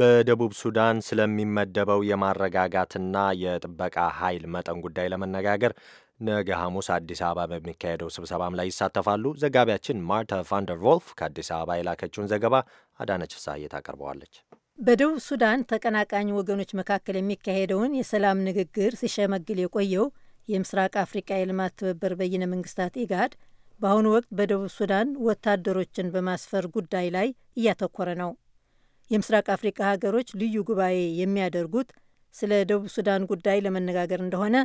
በደቡብ ሱዳን ስለሚመደበው የማረጋጋትና የጥበቃ ኃይል መጠን ጉዳይ ለመነጋገር ነገ ሐሙስ አዲስ አበባ በሚካሄደው ስብሰባም ላይ ይሳተፋሉ። ዘጋቢያችን ማርታ ቫንደር ቮልፍ ከአዲስ አበባ የላከችውን ዘገባ አዳነች ፍስሐዬ ታቀርበዋለች። በደቡብ ሱዳን ተቀናቃኝ ወገኖች መካከል የሚካሄደውን የሰላም ንግግር ሲሸመግል የቆየው የምስራቅ አፍሪቃ የልማት ትብብር በይነ መንግስታት ኢጋድ በአሁኑ ወቅት በደቡብ ሱዳን ወታደሮችን በማስፈር ጉዳይ ላይ እያተኮረ ነው። የምስራቅ አፍሪካ ሀገሮች ልዩ ጉባኤ የሚያደርጉት ስለ ደቡብ ሱዳን ጉዳይ ለመነጋገር እንደሆነ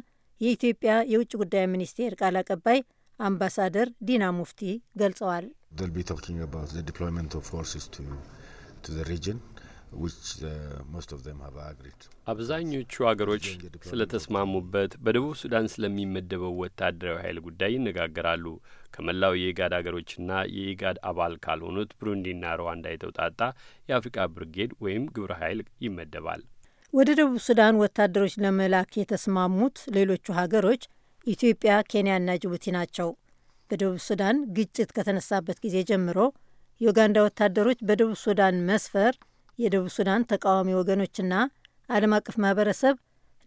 የኢትዮጵያ የውጭ ጉዳይ ሚኒስቴር ቃል አቀባይ አምባሳደር ዲና ሙፍቲ ገልጸዋል። Uh, አብዛኞቹ አገሮች ስለተስማሙበት በደቡብ ሱዳን ስለሚመደበው ወታደራዊ ኃይል ጉዳይ ይነጋገራሉ። ከመላው የኢጋድ አገሮችና የኢጋድ አባል ካልሆኑት ብሩንዲና ሩዋንዳ የተውጣጣ የአፍሪቃ ብርጌድ ወይም ግብረ ኃይል ይመደባል። ወደ ደቡብ ሱዳን ወታደሮች ለመላክ የተስማሙት ሌሎቹ ሀገሮች ኢትዮጵያ፣ ኬንያና ጅቡቲ ናቸው። በደቡብ ሱዳን ግጭት ከተነሳበት ጊዜ ጀምሮ የኡጋንዳ ወታደሮች በደቡብ ሱዳን መስፈር የደቡብ ሱዳን ተቃዋሚ ወገኖችና ዓለም አቀፍ ማህበረሰብ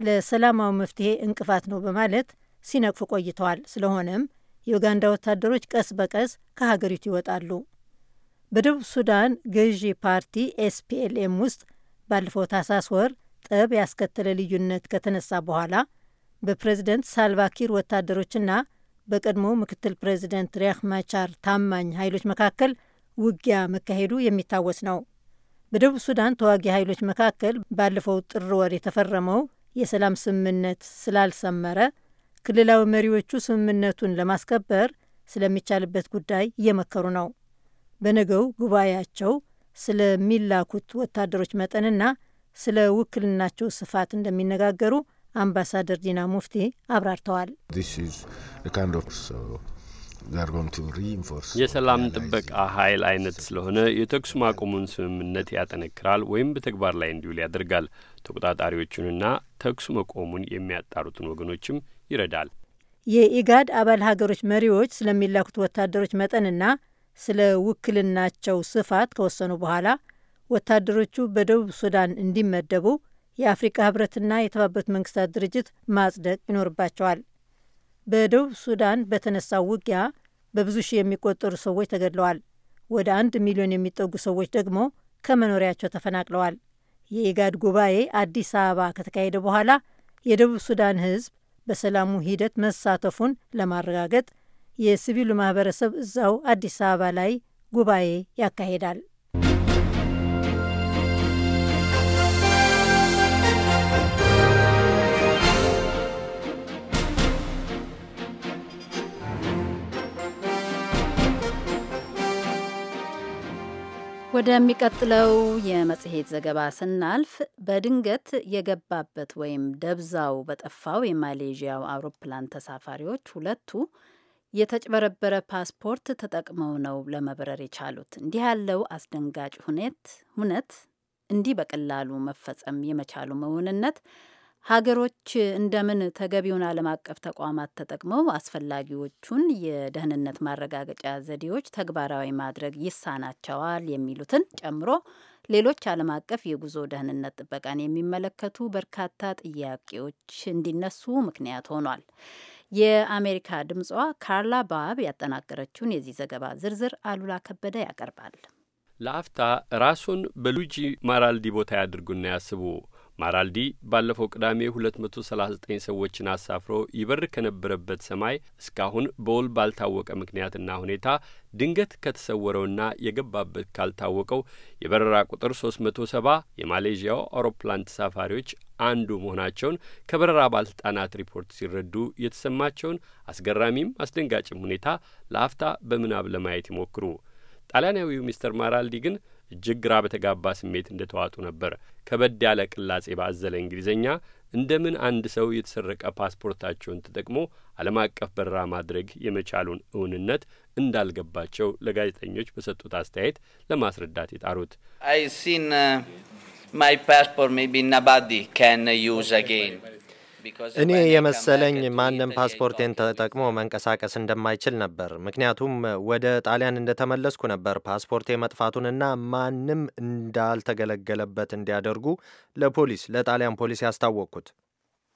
ለሰላማዊ መፍትሄ እንቅፋት ነው በማለት ሲነቅፉ ቆይተዋል። ስለሆነም የኡጋንዳ ወታደሮች ቀስ በቀስ ከሀገሪቱ ይወጣሉ። በደቡብ ሱዳን ገዢ ፓርቲ ኤስፒኤልኤም ውስጥ ባለፈው ታህሳስ ወር ጠብ ያስከተለ ልዩነት ከተነሳ በኋላ በፕሬዝደንት ሳልቫኪር ወታደሮችና በቀድሞ ምክትል ፕሬዚደንት ሪያክ ማቻር ታማኝ ኃይሎች መካከል ውጊያ መካሄዱ የሚታወስ ነው። በደቡብ ሱዳን ተዋጊ ኃይሎች መካከል ባለፈው ጥር ወር የተፈረመው የሰላም ስምምነት ስላልሰመረ ክልላዊ መሪዎቹ ስምምነቱን ለማስከበር ስለሚቻልበት ጉዳይ እየመከሩ ነው። በነገው ጉባኤያቸው ስለሚላኩት ወታደሮች መጠንና ስለ ውክልናቸው ስፋት እንደሚነጋገሩ አምባሳደር ዲና ሙፍቲ አብራርተዋል። የሰላም ጥበቃ ኃይል አይነት ስለሆነ የተኩስ ማቆሙን ስምምነት ያጠነክራል ወይም በተግባር ላይ እንዲውል ያደርጋል። ተቆጣጣሪዎቹንና ተኩስ መቆሙን የሚያጣሩትን ወገኖችም ይረዳል። የኢጋድ አባል ሀገሮች መሪዎች ስለሚላኩት ወታደሮች መጠንና ስለ ውክልናቸው ስፋት ከወሰኑ በኋላ ወታደሮቹ በደቡብ ሱዳን እንዲመደቡ የአፍሪካ ህብረትና የተባበሩት መንግስታት ድርጅት ማጽደቅ ይኖርባቸዋል። በደቡብ ሱዳን በተነሳው ውጊያ በብዙ ሺህ የሚቆጠሩ ሰዎች ተገድለዋል። ወደ አንድ ሚሊዮን የሚጠጉ ሰዎች ደግሞ ከመኖሪያቸው ተፈናቅለዋል። የኢጋድ ጉባኤ አዲስ አበባ ከተካሄደ በኋላ የደቡብ ሱዳን ሕዝብ በሰላሙ ሂደት መሳተፉን ለማረጋገጥ የሲቪሉ ማህበረሰብ እዛው አዲስ አበባ ላይ ጉባኤ ያካሂዳል። ወደሚቀጥለው የመጽሔት ዘገባ ስናልፍ በድንገት የገባበት ወይም ደብዛው በጠፋው የማሌዥያው አውሮፕላን ተሳፋሪዎች ሁለቱ የተጭበረበረ ፓስፖርት ተጠቅመው ነው ለመብረር የቻሉት። እንዲህ ያለው አስደንጋጭ ሁኔት ሁነት እንዲህ በቀላሉ መፈጸም የመቻሉ መሆንነት ሀገሮች እንደምን ተገቢውን ዓለም አቀፍ ተቋማት ተጠቅመው አስፈላጊዎቹን የደህንነት ማረጋገጫ ዘዴዎች ተግባራዊ ማድረግ ይሳናቸዋል የሚሉትን ጨምሮ ሌሎች ዓለም አቀፍ የጉዞ ደህንነት ጥበቃን የሚመለከቱ በርካታ ጥያቄዎች እንዲነሱ ምክንያት ሆኗል። የአሜሪካ ድምጿ ካርላ ባብ ያጠናቀረችውን የዚህ ዘገባ ዝርዝር አሉላ ከበደ ያቀርባል። ለአፍታ ራሱን በሉጂ ማራልዲ ቦታ ያድርጉና ያስቡ። ማራልዲ ባለፈው ቅዳሜ 239 ሰዎችን አሳፍሮ ይበር ከነበረበት ሰማይ እስካሁን በውል ባልታወቀ ምክንያትና ሁኔታ ድንገት ከተሰወረውና የገባበት ካልታወቀው የበረራ ቁጥር 370 የማሌዥያው አውሮፕላን ተሳፋሪዎች አንዱ መሆናቸውን ከበረራ ባለስልጣናት ሪፖርት ሲረዱ የተሰማቸውን አስገራሚም አስደንጋጭም ሁኔታ ለአፍታ በምናብ ለማየት ይሞክሩ። ጣሊያናዊው ሚስተር ማራልዲ ግን እጅግ ግራ በተጋባ ስሜት እንደ ተዋጡ ነበር። ከበድ ያለ ቅላጼ ባዘለ እንግሊዝኛ እንደምን አንድ ሰው የተሰረቀ ፓስፖርታቸውን ተጠቅሞ ዓለም አቀፍ በረራ ማድረግ የመቻሉን እውንነት እንዳልገባቸው ለጋዜጠኞች በሰጡት አስተያየት ለማስረዳት የጣሩት ማይ ፓስፖርት ቢ ናባዲ ካን ዩዝ አጌን እኔ የመሰለኝ ማንም ፓስፖርቴን ተጠቅሞ መንቀሳቀስ እንደማይችል ነበር። ምክንያቱም ወደ ጣሊያን እንደተመለስኩ ነበር ፓስፖርቴ መጥፋቱንና ማንም እንዳልተገለገለበት እንዲያደርጉ ለፖሊስ ለጣሊያን ፖሊስ ያስታወቅኩት።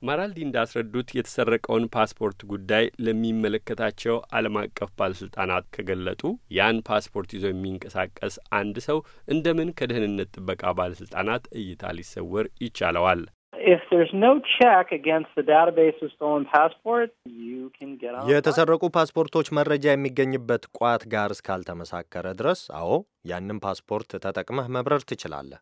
ማራልዲ እንዳስረዱት የተሰረቀውን ፓስፖርት ጉዳይ ለሚመለከታቸው ዓለም አቀፍ ባለስልጣናት ከገለጡ ያን ፓስፖርት ይዞ የሚንቀሳቀስ አንድ ሰው እንደምን ከደህንነት ጥበቃ ባለስልጣናት እይታ ሊሰወር ይቻለዋል? የተሰረቁ ፓስፖርቶች መረጃ የሚገኝበት ቋት ጋር እስካልተመሳከረ ድረስ አዎ፣ ያንም ፓስፖርት ተጠቅመህ መብረር ትችላለህ።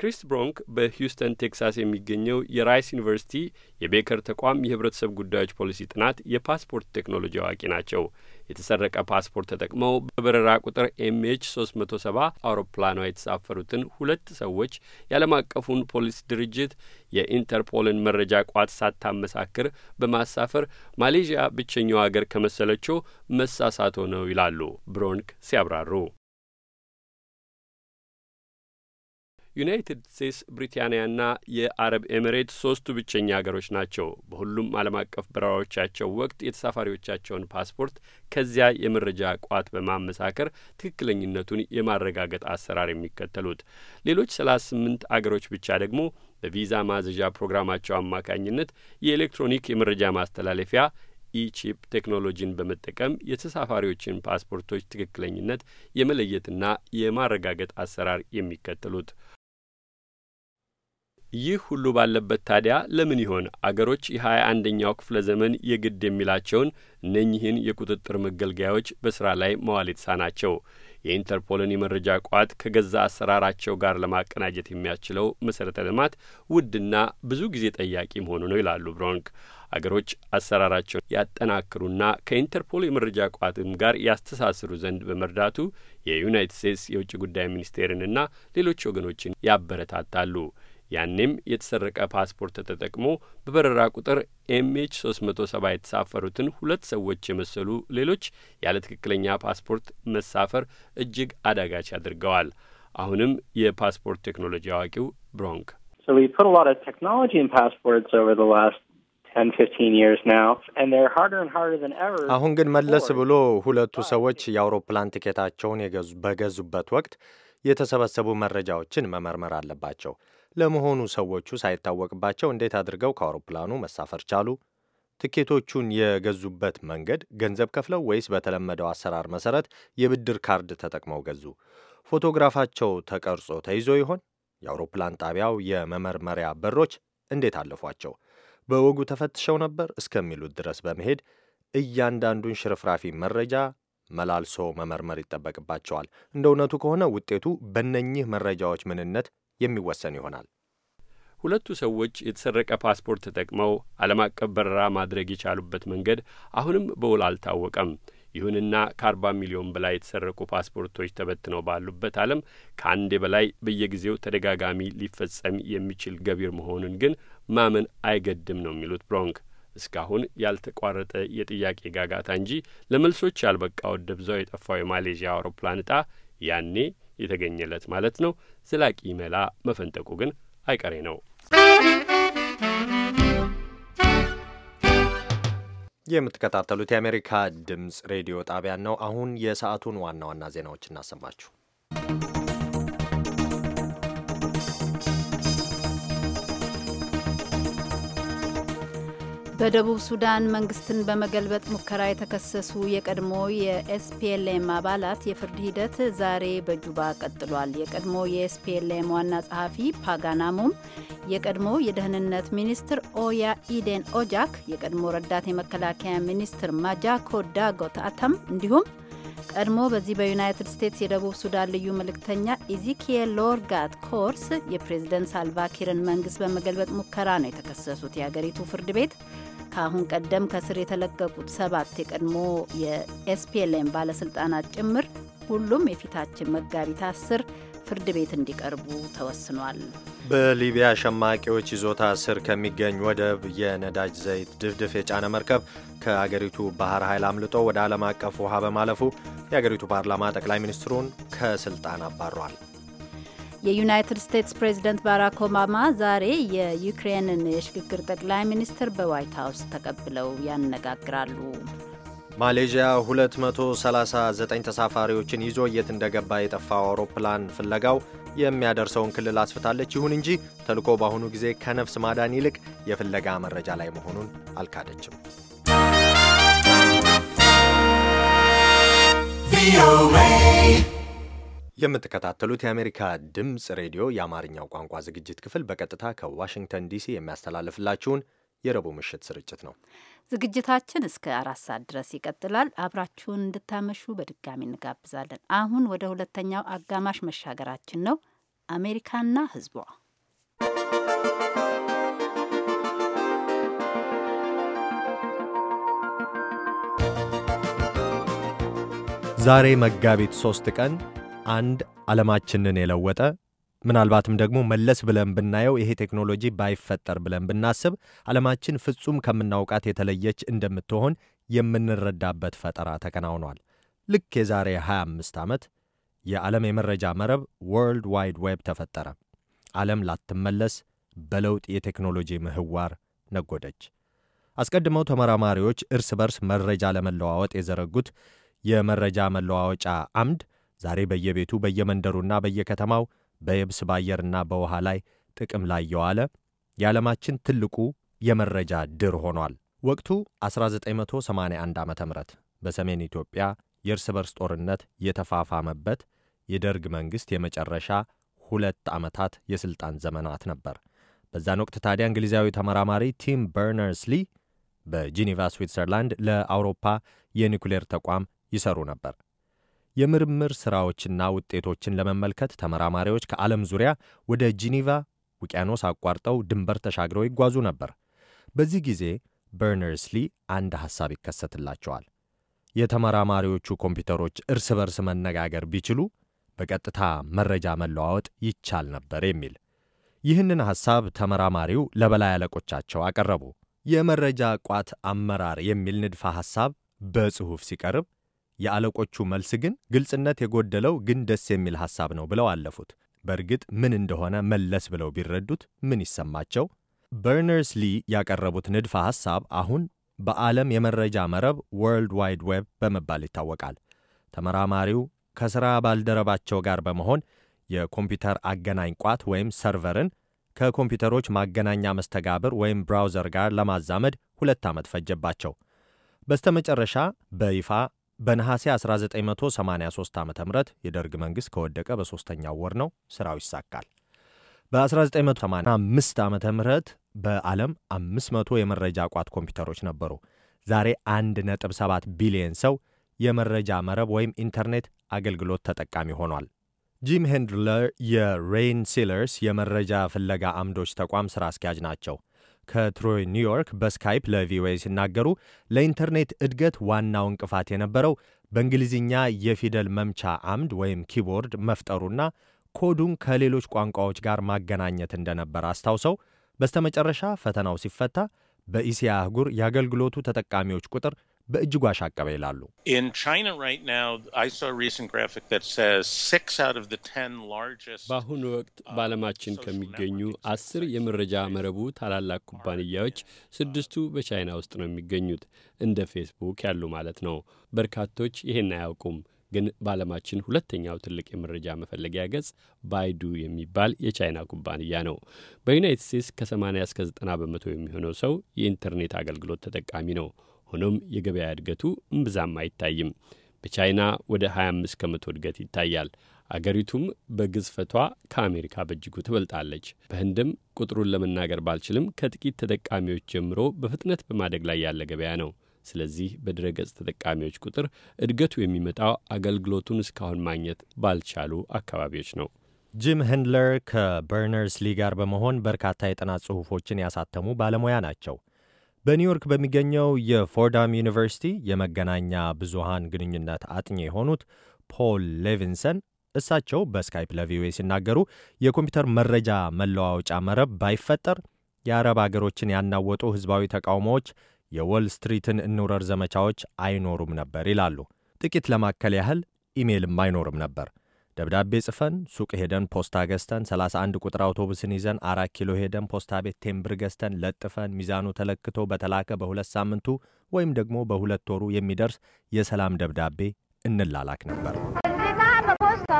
ክሪስ ብሮንክ በሂውስተን ቴክሳስ የሚገኘው የራይስ ዩኒቨርሲቲ የቤከር ተቋም የህብረተሰብ ጉዳዮች ፖሊሲ ጥናት የፓስፖርት ቴክኖሎጂ አዋቂ ናቸው። የተሰረቀ ፓስፖርት ተጠቅመው በበረራ ቁጥር ኤምኤች 370 አውሮፕላኗ የተሳፈሩትን ሁለት ሰዎች የዓለም አቀፉን ፖሊስ ድርጅት የኢንተርፖልን መረጃ ቋት ሳታመሳክር በማሳፈር ማሌዥያ ብቸኛው አገር ከመሰለችው መሳሳቶ ነው ይላሉ ብሮንክ ሲያብራሩ ዩናይትድ ስቴትስ፣ ብሪታንያና የአረብ ኤሚሬት ሶስቱ ብቸኛ ሀገሮች ናቸው በሁሉም ዓለም አቀፍ በረራዎቻቸው ወቅት የተሳፋሪዎቻቸውን ፓስፖርት ከዚያ የመረጃ ቋት በማመሳከር ትክክለኝነቱን የማረጋገጥ አሰራር የሚከተሉት። ሌሎች ሰላሳ ስምንት አገሮች ብቻ ደግሞ በቪዛ ማዘዣ ፕሮግራማቸው አማካኝነት የኤሌክትሮኒክ የመረጃ ማስተላለፊያ ኢቺፕ ቴክኖሎጂን በመጠቀም የተሳፋሪዎችን ፓስፖርቶች ትክክለኝነት የመለየትና የማረጋገጥ አሰራር የሚከተሉት ይህ ሁሉ ባለበት ታዲያ ለምን ይሆን አገሮች የሀያ አንደኛው ክፍለ ዘመን የግድ የሚላቸውን እነኚህን የቁጥጥር መገልገያዎች በስራ ላይ መዋል የተሳናቸው? የኢንተርፖልን የመረጃ ቋት ከገዛ አሰራራቸው ጋር ለማቀናጀት የሚያስችለው መሠረተ ልማት ውድና ብዙ ጊዜ ጠያቂ መሆኑ ነው ይላሉ ብሮንክ። አገሮች አሰራራቸውን ያጠናክሩና ከኢንተርፖል የመረጃ ቋትም ጋር ያስተሳስሩ ዘንድ በመርዳቱ የዩናይትድ ስቴትስ የውጭ ጉዳይ ሚኒስቴርንና ሌሎች ወገኖችን ያበረታታሉ። ያኔም የተሰረቀ ፓስፖርት ተጠቅሞ በበረራ ቁጥር ኤምኤች 370 የተሳፈሩትን ሁለት ሰዎች የመሰሉ ሌሎች ያለ ትክክለኛ ፓስፖርት መሳፈር እጅግ አዳጋች አድርገዋል። አሁንም የፓስፖርት ቴክኖሎጂ አዋቂው ብሮንክ አሁን ግን መለስ ብሎ ሁለቱ ሰዎች የአውሮፕላን ትኬታቸውን በገዙበት ወቅት የተሰበሰቡ መረጃዎችን መመርመር አለባቸው። ለመሆኑ ሰዎቹ ሳይታወቅባቸው እንዴት አድርገው ከአውሮፕላኑ መሳፈር ቻሉ? ትኬቶቹን የገዙበት መንገድ ገንዘብ ከፍለው ወይስ በተለመደው አሰራር መሰረት የብድር ካርድ ተጠቅመው ገዙ? ፎቶግራፋቸው ተቀርጾ ተይዞ ይሆን? የአውሮፕላን ጣቢያው የመመርመሪያ በሮች እንዴት አለፏቸው? በወጉ ተፈትሸው ነበር እስከሚሉት ድረስ በመሄድ እያንዳንዱን ሽርፍራፊ መረጃ መላልሶ መመርመር ይጠበቅባቸዋል። እንደ እውነቱ ከሆነ ውጤቱ በነኚህ መረጃዎች ምንነት የሚወሰን ይሆናል። ሁለቱ ሰዎች የተሰረቀ ፓስፖርት ተጠቅመው ዓለም አቀፍ በረራ ማድረግ የቻሉበት መንገድ አሁንም በውል አልታወቀም። ይሁንና ከአርባ ሚሊዮን በላይ የተሰረቁ ፓስፖርቶች ተበትነው ባሉበት ዓለም ከአንዴ በላይ በየጊዜው ተደጋጋሚ ሊፈጸም የሚችል ገቢር መሆኑን ግን ማመን አይገድም ነው የሚሉት ብሮንክ። እስካሁን ያልተቋረጠ የጥያቄ ጋጋታ እንጂ ለመልሶች ያልበቃው ደብዛው የጠፋው የማሌዥያ አውሮፕላን እጣ ያኔ የተገኘለት ማለት ነው። ዘላቂ መላ መፈንጠቁ ግን አይቀሬ ነው። የምትከታተሉት የአሜሪካ ድምፅ ሬዲዮ ጣቢያን ነው። አሁን የሰዓቱን ዋና ዋና ዜናዎች እናሰማችሁ። በደቡብ ሱዳን መንግስትን በመገልበጥ ሙከራ የተከሰሱ የቀድሞ የኤስፒኤልኤም አባላት የፍርድ ሂደት ዛሬ በጁባ ቀጥሏል። የቀድሞ የኤስፒኤልኤም ዋና ጸሐፊ ፓጋናሙም፣ የቀድሞ የደህንነት ሚኒስትር ኦያ ኢዴን ኦጃክ፣ የቀድሞ ረዳት የመከላከያ ሚኒስትር ማጃኮ ዳጎት አተም እንዲሁም ቀድሞ በዚህ በዩናይትድ ስቴትስ የደቡብ ሱዳን ልዩ መልእክተኛ ኢዚኪኤል ሎርጋት ኮርስ የፕሬዝደንት ሳልቫኪርን መንግስት በመገልበጥ ሙከራ ነው የተከሰሱት። የአገሪቱ ፍርድ ቤት ከአሁን ቀደም ከስር የተለቀቁት ሰባት የቀድሞ የኤስፒኤልኤም ባለስልጣናት ጭምር ሁሉም የፊታችን መጋቢት አስር ፍርድ ቤት እንዲቀርቡ ተወስኗል። በሊቢያ ሸማቂዎች ይዞታ ስር ከሚገኝ ወደብ የነዳጅ ዘይት ድፍድፍ የጫነ መርከብ ከአገሪቱ ባህር ኃይል አምልጦ ወደ ዓለም አቀፍ ውሃ በማለፉ የአገሪቱ ፓርላማ ጠቅላይ ሚኒስትሩን ከስልጣን አባሯል። የዩናይትድ ስቴትስ ፕሬዝደንት ባራክ ኦባማ ዛሬ የዩክሬንን የሽግግር ጠቅላይ ሚኒስትር በዋይት ሀውስ ተቀብለው ያነጋግራሉ። ማሌዥያ 239 ተሳፋሪዎችን ይዞ የት እንደገባ የጠፋው አውሮፕላን ፍለጋው የሚያደርሰውን ክልል አስፍታለች። ይሁን እንጂ ተልኮ በአሁኑ ጊዜ ከነፍስ ማዳን ይልቅ የፍለጋ መረጃ ላይ መሆኑን አልካደችም። ቪኦኤ የምትከታተሉት የአሜሪካ ድምፅ ሬዲዮ የአማርኛው ቋንቋ ዝግጅት ክፍል በቀጥታ ከዋሽንግተን ዲሲ የሚያስተላልፍላችሁን የረቡዕ ምሽት ስርጭት ነው። ዝግጅታችን እስከ አራት ሰዓት ድረስ ይቀጥላል። አብራችሁን እንድታመሹ በድጋሚ እንጋብዛለን። አሁን ወደ ሁለተኛው አጋማሽ መሻገራችን ነው። አሜሪካና ሕዝቧ ዛሬ መጋቢት ሶስት ቀን አንድ ዓለማችንን የለወጠ ምናልባትም ደግሞ መለስ ብለን ብናየው ይሄ ቴክኖሎጂ ባይፈጠር ብለን ብናስብ ዓለማችን ፍጹም ከምናውቃት የተለየች እንደምትሆን የምንረዳበት ፈጠራ ተከናውኗል። ልክ የዛሬ 25 ዓመት የዓለም የመረጃ መረብ ወርልድ ዋይድ ዌብ ተፈጠረ። ዓለም ላትመለስ በለውጥ የቴክኖሎጂ ምህዋር ነጎደች። አስቀድመው ተመራማሪዎች እርስ በርስ መረጃ ለመለዋወጥ የዘረጉት የመረጃ መለዋወጫ አምድ ዛሬ በየቤቱ በየመንደሩና በየከተማው በየብስ በአየርና በውሃ ላይ ጥቅም ላይ የዋለ የዓለማችን ትልቁ የመረጃ ድር ሆኗል። ወቅቱ 1981 ዓ ም በሰሜን ኢትዮጵያ የእርስ በርስ ጦርነት የተፋፋመበት የደርግ መንግሥት የመጨረሻ ሁለት ዓመታት የሥልጣን ዘመናት ነበር። በዛን ወቅት ታዲያ እንግሊዛዊ ተመራማሪ ቲም በርነርስ-ሊ በጂኒቫ ስዊትዘርላንድ ለአውሮፓ የኒኩሌር ተቋም ይሰሩ ነበር። የምርምር ሥራዎችና ውጤቶችን ለመመልከት ተመራማሪዎች ከዓለም ዙሪያ ወደ ጂኒቫ ውቅያኖስ አቋርጠው ድንበር ተሻግረው ይጓዙ ነበር። በዚህ ጊዜ በርነርስ ሊ አንድ ሐሳብ ይከሰትላቸዋል። የተመራማሪዎቹ ኮምፒውተሮች እርስ በርስ መነጋገር ቢችሉ በቀጥታ መረጃ መለዋወጥ ይቻል ነበር የሚል። ይህንን ሐሳብ ተመራማሪው ለበላይ አለቆቻቸው አቀረቡ። የመረጃ ቋት አመራር የሚል ንድፈ ሐሳብ በጽሑፍ ሲቀርብ የአለቆቹ መልስ ግን ግልጽነት የጎደለው ግን ደስ የሚል ሐሳብ ነው ብለው አለፉት። በእርግጥ ምን እንደሆነ መለስ ብለው ቢረዱት ምን ይሰማቸው? በርነርስ ሊ ያቀረቡት ንድፈ ሐሳብ አሁን በዓለም የመረጃ መረብ ወርልድ ዋይድ ዌብ በመባል ይታወቃል። ተመራማሪው ከሥራ ባልደረባቸው ጋር በመሆን የኮምፒውተር አገናኝ ቋት ወይም ሰርቨርን ከኮምፒውተሮች ማገናኛ መስተጋብር ወይም ብራውዘር ጋር ለማዛመድ ሁለት ዓመት ፈጀባቸው። በስተመጨረሻ በይፋ በነሐሴ 1983 ዓ ም የደርግ መንግሥት ከወደቀ በሦስተኛው ወር ነው። ሥራው ይሳካል። በ1985 ዓ ም በዓለም 500 የመረጃ ቋት ኮምፒውተሮች ነበሩ። ዛሬ 1.7 ቢሊየን ሰው የመረጃ መረብ ወይም ኢንተርኔት አገልግሎት ተጠቃሚ ሆኗል። ጂም ሄንድለር የሬይን ሲለርስ የመረጃ ፍለጋ አምዶች ተቋም ሥራ አስኪያጅ ናቸው። ከትሮይ ኒውዮርክ በስካይፕ ለቪኦኤ ሲናገሩ ለኢንተርኔት እድገት ዋናው እንቅፋት የነበረው በእንግሊዝኛ የፊደል መምቻ አምድ ወይም ኪቦርድ መፍጠሩና ኮዱን ከሌሎች ቋንቋዎች ጋር ማገናኘት እንደነበር አስታውሰው በስተመጨረሻ ፈተናው ሲፈታ በኢሲያ አህጉር የአገልግሎቱ ተጠቃሚዎች ቁጥር በእጅጉ አሻቀበ ይላሉ። በአሁኑ ወቅት um, በዓለማችን ከሚገኙ አስር የመረጃ መረቡ ታላላቅ ኩባንያዎች ስድስቱ በቻይና ውስጥ ነው የሚገኙት፣ እንደ ፌስቡክ ያሉ ማለት ነው። በርካቶች ይህን አያውቁም። ግን በዓለማችን ሁለተኛው ትልቅ የመረጃ መፈለጊያ ገጽ ባይዱ የሚባል የቻይና ኩባንያ ነው። በዩናይትድ ስቴትስ ከ80 እስከ 90 በመቶ የሚሆነው ሰው የኢንተርኔት አገልግሎት ተጠቃሚ ነው። ሆኖም የገበያ እድገቱ እምብዛም አይታይም። በቻይና ወደ 25 ከመቶ እድገት ይታያል። አገሪቱም በግዝፈቷ ከአሜሪካ በእጅጉ ትበልጣለች። በህንድም ቁጥሩን ለመናገር ባልችልም ከጥቂት ተጠቃሚዎች ጀምሮ በፍጥነት በማደግ ላይ ያለ ገበያ ነው። ስለዚህ በድረገጽ ተጠቃሚዎች ቁጥር እድገቱ የሚመጣው አገልግሎቱን እስካሁን ማግኘት ባልቻሉ አካባቢዎች ነው። ጂም ሄንድለር ከበርነርስ ሊ ጋር በመሆን በርካታ የጥናት ጽሑፎችን ያሳተሙ ባለሙያ ናቸው። በኒውዮርክ በሚገኘው የፎርዳም ዩኒቨርሲቲ የመገናኛ ብዙሃን ግንኙነት አጥኚ የሆኑት ፖል ሌቪንሰን እሳቸው በስካይፕ ለቪኦኤ ሲናገሩ የኮምፒውተር መረጃ መለዋወጫ መረብ ባይፈጠር የአረብ አገሮችን ያናወጡ ሕዝባዊ ተቃውሞዎች፣ የዎል ስትሪትን እንውረር ዘመቻዎች አይኖሩም ነበር ይላሉ። ጥቂት ለማከል ያህል ኢሜይልም አይኖርም ነበር። ደብዳቤ ጽፈን ሱቅ ሄደን ፖስታ ገዝተን 31 ቁጥር አውቶቡስን ይዘን አራት ኪሎ ሄደን ፖስታ ቤት ቴምብር ገዝተን ለጥፈን ሚዛኑ ተለክቶ በተላከ በሁለት ሳምንቱ ወይም ደግሞ በሁለት ወሩ የሚደርስ የሰላም ደብዳቤ እንላላክ ነበር። እዚጋ በፖስታ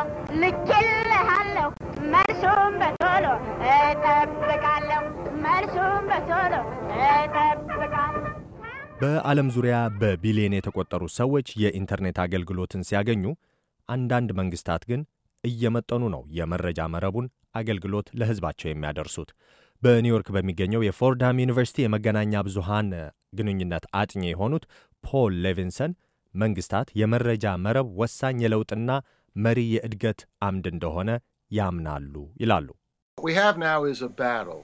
ልኬልሃለሁ፣ መልሱም በቶሎ እጠብቃለሁ፣ መልሱም በቶሎ እጠብቃለሁ። በዓለም ዙሪያ በቢሊየን የተቆጠሩ ሰዎች የኢንተርኔት አገልግሎትን ሲያገኙ አንዳንድ መንግስታት ግን እየመጠኑ ነው የመረጃ መረቡን አገልግሎት ለሕዝባቸው የሚያደርሱት። በኒውዮርክ በሚገኘው የፎርዳም ዩኒቨርሲቲ የመገናኛ ብዙሃን ግንኙነት አጥኚ የሆኑት ፖል ሌቪንሰን መንግስታት የመረጃ መረብ ወሳኝ የለውጥና መሪ የእድገት አምድ እንደሆነ ያምናሉ ይላሉ። What we have now is a battle.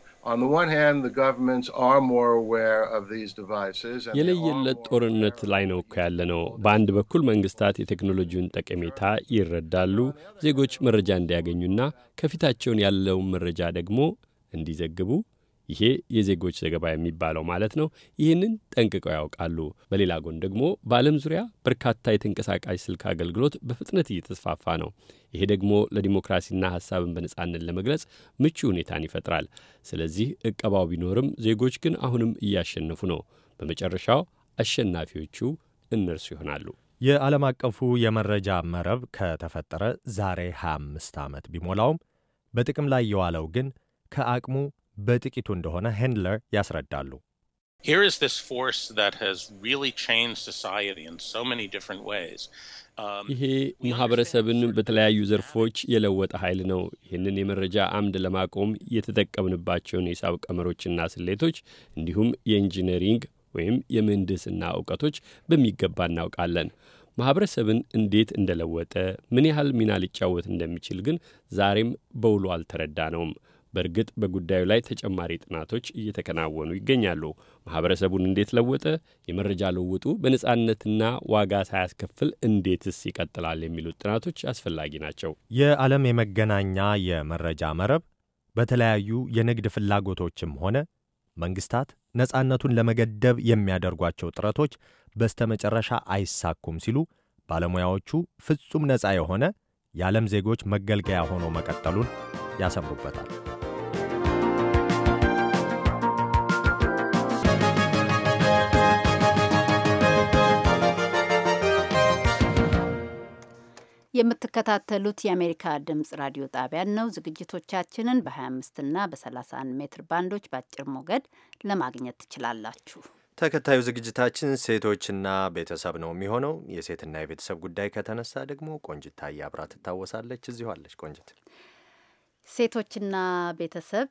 የለየለት ጦርነት ላይ ነው እኮ ያለ ነው። በአንድ በኩል መንግስታት የቴክኖሎጂውን ጠቀሜታ ይረዳሉ፣ ዜጎች መረጃ እንዲያገኙና ከፊታቸውን ያለውን መረጃ ደግሞ እንዲዘግቡ ይሄ የዜጎች ዘገባ የሚባለው ማለት ነው። ይህንን ጠንቅቀው ያውቃሉ። በሌላ ጎን ደግሞ በዓለም ዙሪያ በርካታ የተንቀሳቃሽ ስልክ አገልግሎት በፍጥነት እየተስፋፋ ነው። ይሄ ደግሞ ለዲሞክራሲና ሀሳብን በነጻነት ለመግለጽ ምቹ ሁኔታን ይፈጥራል። ስለዚህ እቀባው ቢኖርም ዜጎች ግን አሁንም እያሸነፉ ነው። በመጨረሻው አሸናፊዎቹ እነርሱ ይሆናሉ። የዓለም አቀፉ የመረጃ መረብ ከተፈጠረ ዛሬ 25 ዓመት ቢሞላውም በጥቅም ላይ የዋለው ግን ከአቅሙ በጥቂቱ እንደሆነ ሄንድለር ያስረዳሉ። Here is this force that has really changed society in so many different ways. Um, ይሄ ማህበረሰብን በተለያዩ ዘርፎች የለወጠ ኃይል ነው። ይህንን የመረጃ አምድ ለማቆም የተጠቀምንባቸውን የሂሳብ ቀመሮችና ስሌቶች እንዲሁም የኢንጂነሪንግ ወይም የምህንድስና እውቀቶች በሚገባ እናውቃለን። ማህበረሰብን እንዴት እንደለወጠ ምን ያህል ሚና ሊጫወት እንደሚችል ግን ዛሬም በውሎ አልተረዳ ነውም። በእርግጥ በጉዳዩ ላይ ተጨማሪ ጥናቶች እየተከናወኑ ይገኛሉ። ማኅበረሰቡን እንዴት ለወጠ? የመረጃ ልውውጡ በነጻነትና ዋጋ ሳያስከፍል እንዴትስ ይቀጥላል? የሚሉት ጥናቶች አስፈላጊ ናቸው። የዓለም የመገናኛ የመረጃ መረብ በተለያዩ የንግድ ፍላጎቶችም ሆነ መንግስታት ነጻነቱን ለመገደብ የሚያደርጓቸው ጥረቶች በስተመጨረሻ አይሳኩም ሲሉ ባለሙያዎቹ ፍጹም ነፃ የሆነ የዓለም ዜጎች መገልገያ ሆኖ መቀጠሉን ያሰምሩበታል። የምትከታተሉት የአሜሪካ ድምፅ ራዲዮ ጣቢያን ነው። ዝግጅቶቻችንን በ25 እና በ31 ሜትር ባንዶች በአጭር ሞገድ ለማግኘት ትችላላችሁ። ተከታዩ ዝግጅታችን ሴቶችና ቤተሰብ ነው የሚሆነው። የሴትና የቤተሰብ ጉዳይ ከተነሳ ደግሞ ቆንጅታ እያብራ ትታወሳለች። እዚሁ አለች ቆንጅት። ሴቶችና ቤተሰብ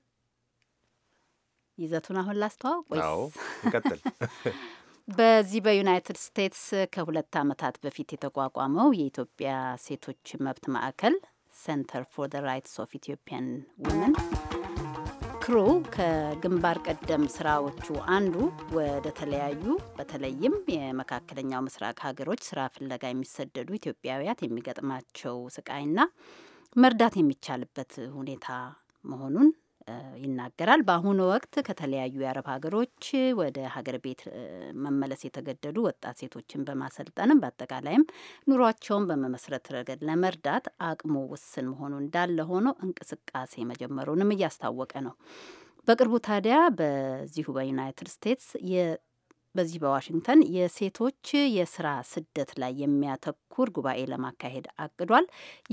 ይዘቱን አሁን ላስተዋውቅ ወይስ ይቀጥል? በዚህ በዩናይትድ ስቴትስ ከሁለት ዓመታት በፊት የተቋቋመው የኢትዮጵያ ሴቶች መብት ማዕከል ሴንተር ፎር ዘ ራይትስ ኦፍ ኢትዮጵያን ውመን ክሩ ከግንባር ቀደም ስራዎቹ አንዱ ወደ ተለያዩ በተለይም የመካከለኛው ምስራቅ ሀገሮች ስራ ፍለጋ የሚሰደዱ ኢትዮጵያውያት የሚገጥማቸው ስቃይና መርዳት የሚቻልበት ሁኔታ መሆኑን ይናገራል። በአሁኑ ወቅት ከተለያዩ የአረብ ሀገሮች ወደ ሀገር ቤት መመለስ የተገደዱ ወጣት ሴቶችን በማሰልጠንም በአጠቃላይም ኑሯቸውን በመመስረት ረገድ ለመርዳት አቅሙ ውስን መሆኑ እንዳለ ሆኖ እንቅስቃሴ መጀመሩንም እያስታወቀ ነው። በቅርቡ ታዲያ በዚሁ በዩናይትድ ስቴትስ በዚህ በዋሽንግተን የሴቶች የስራ ስደት ላይ የሚያተኩር ጉባኤ ለማካሄድ አቅዷል።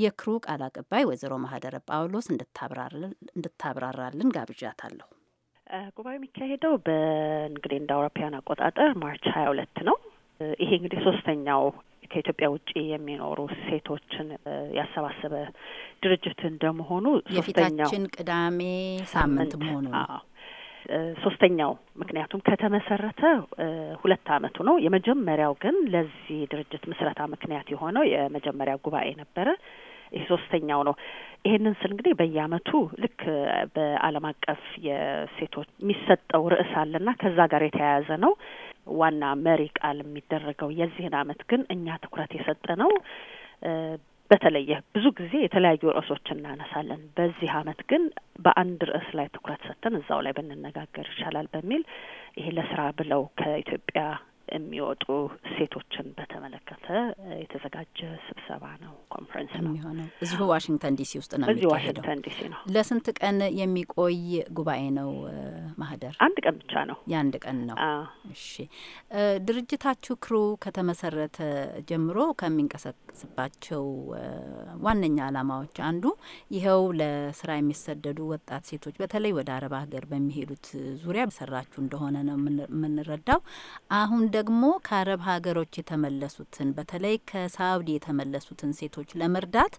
የክሩ ቃል አቀባይ ወይዘሮ ማህደረ ጳውሎስ እንድታብራራልን ጋብዣታለሁ። ጉባኤ የሚካሄደው በእንግዲህ እንደ አውሮፓውያን አቆጣጠር ማርች ሀያ ሁለት ነው። ይሄ እንግዲህ ሶስተኛው ከኢትዮጵያ ውጭ የሚኖሩ ሴቶችን ያሰባሰበ ድርጅት እንደመሆኑ ሶስተኛው የፊታችን ቅዳሜ ሳምንት መሆኑ ነው። ሶስተኛው ምክንያቱም ከተመሰረተ ሁለት አመቱ ነው። የመጀመሪያው ግን ለዚህ ድርጅት ምስረታ ምክንያት የሆነው የመጀመሪያ ጉባኤ ነበረ። ይህ ሶስተኛው ነው። ይሄንን ስል እንግዲህ በየአመቱ ልክ በዓለም አቀፍ የሴቶች የሚሰጠው ርዕስ አለና ከዛ ጋር የተያያዘ ነው ዋና መሪ ቃል የሚደረገው። የዚህን አመት ግን እኛ ትኩረት የሰጠ ነው በተለየ ብዙ ጊዜ የተለያዩ ርዕሶች እናነሳለን። በዚህ አመት ግን በአንድ ርዕስ ላይ ትኩረት ሰጥተን እዛው ላይ ብንነጋገር ይቻላል በሚል ይሄ ለስራ ብለው ከኢትዮጵያ የሚወጡ ሴቶችን በተመለከተ የተዘጋጀ ስብሰባ ነው፣ ኮንፈረንስ ነው የሚሆነው። እዚሁ ዋሽንግተን ዲሲ ውስጥ ነው። እዚሁ ዋሽንግተን ዲሲ ነው። ለስንት ቀን የሚቆይ ጉባኤ ነው ማህደር? አንድ ቀን ብቻ ነው። የአንድ ቀን ነው። እሺ። ድርጅታችሁ ክሩ ከተመሰረተ ጀምሮ ከሚንቀሳቀስባቸው ዋነኛ አላማዎች አንዱ ይኸው ለስራ የሚሰደዱ ወጣት ሴቶች በተለይ ወደ አረብ ሀገር በሚሄዱት ዙሪያ ሰራችሁ እንደሆነ ነው የምንረዳው። አሁን ደግሞ ከአረብ ሀገሮች የተመለሱትን በተለይ ከሳውዲ የተመለሱትን ሴቶች ለመርዳት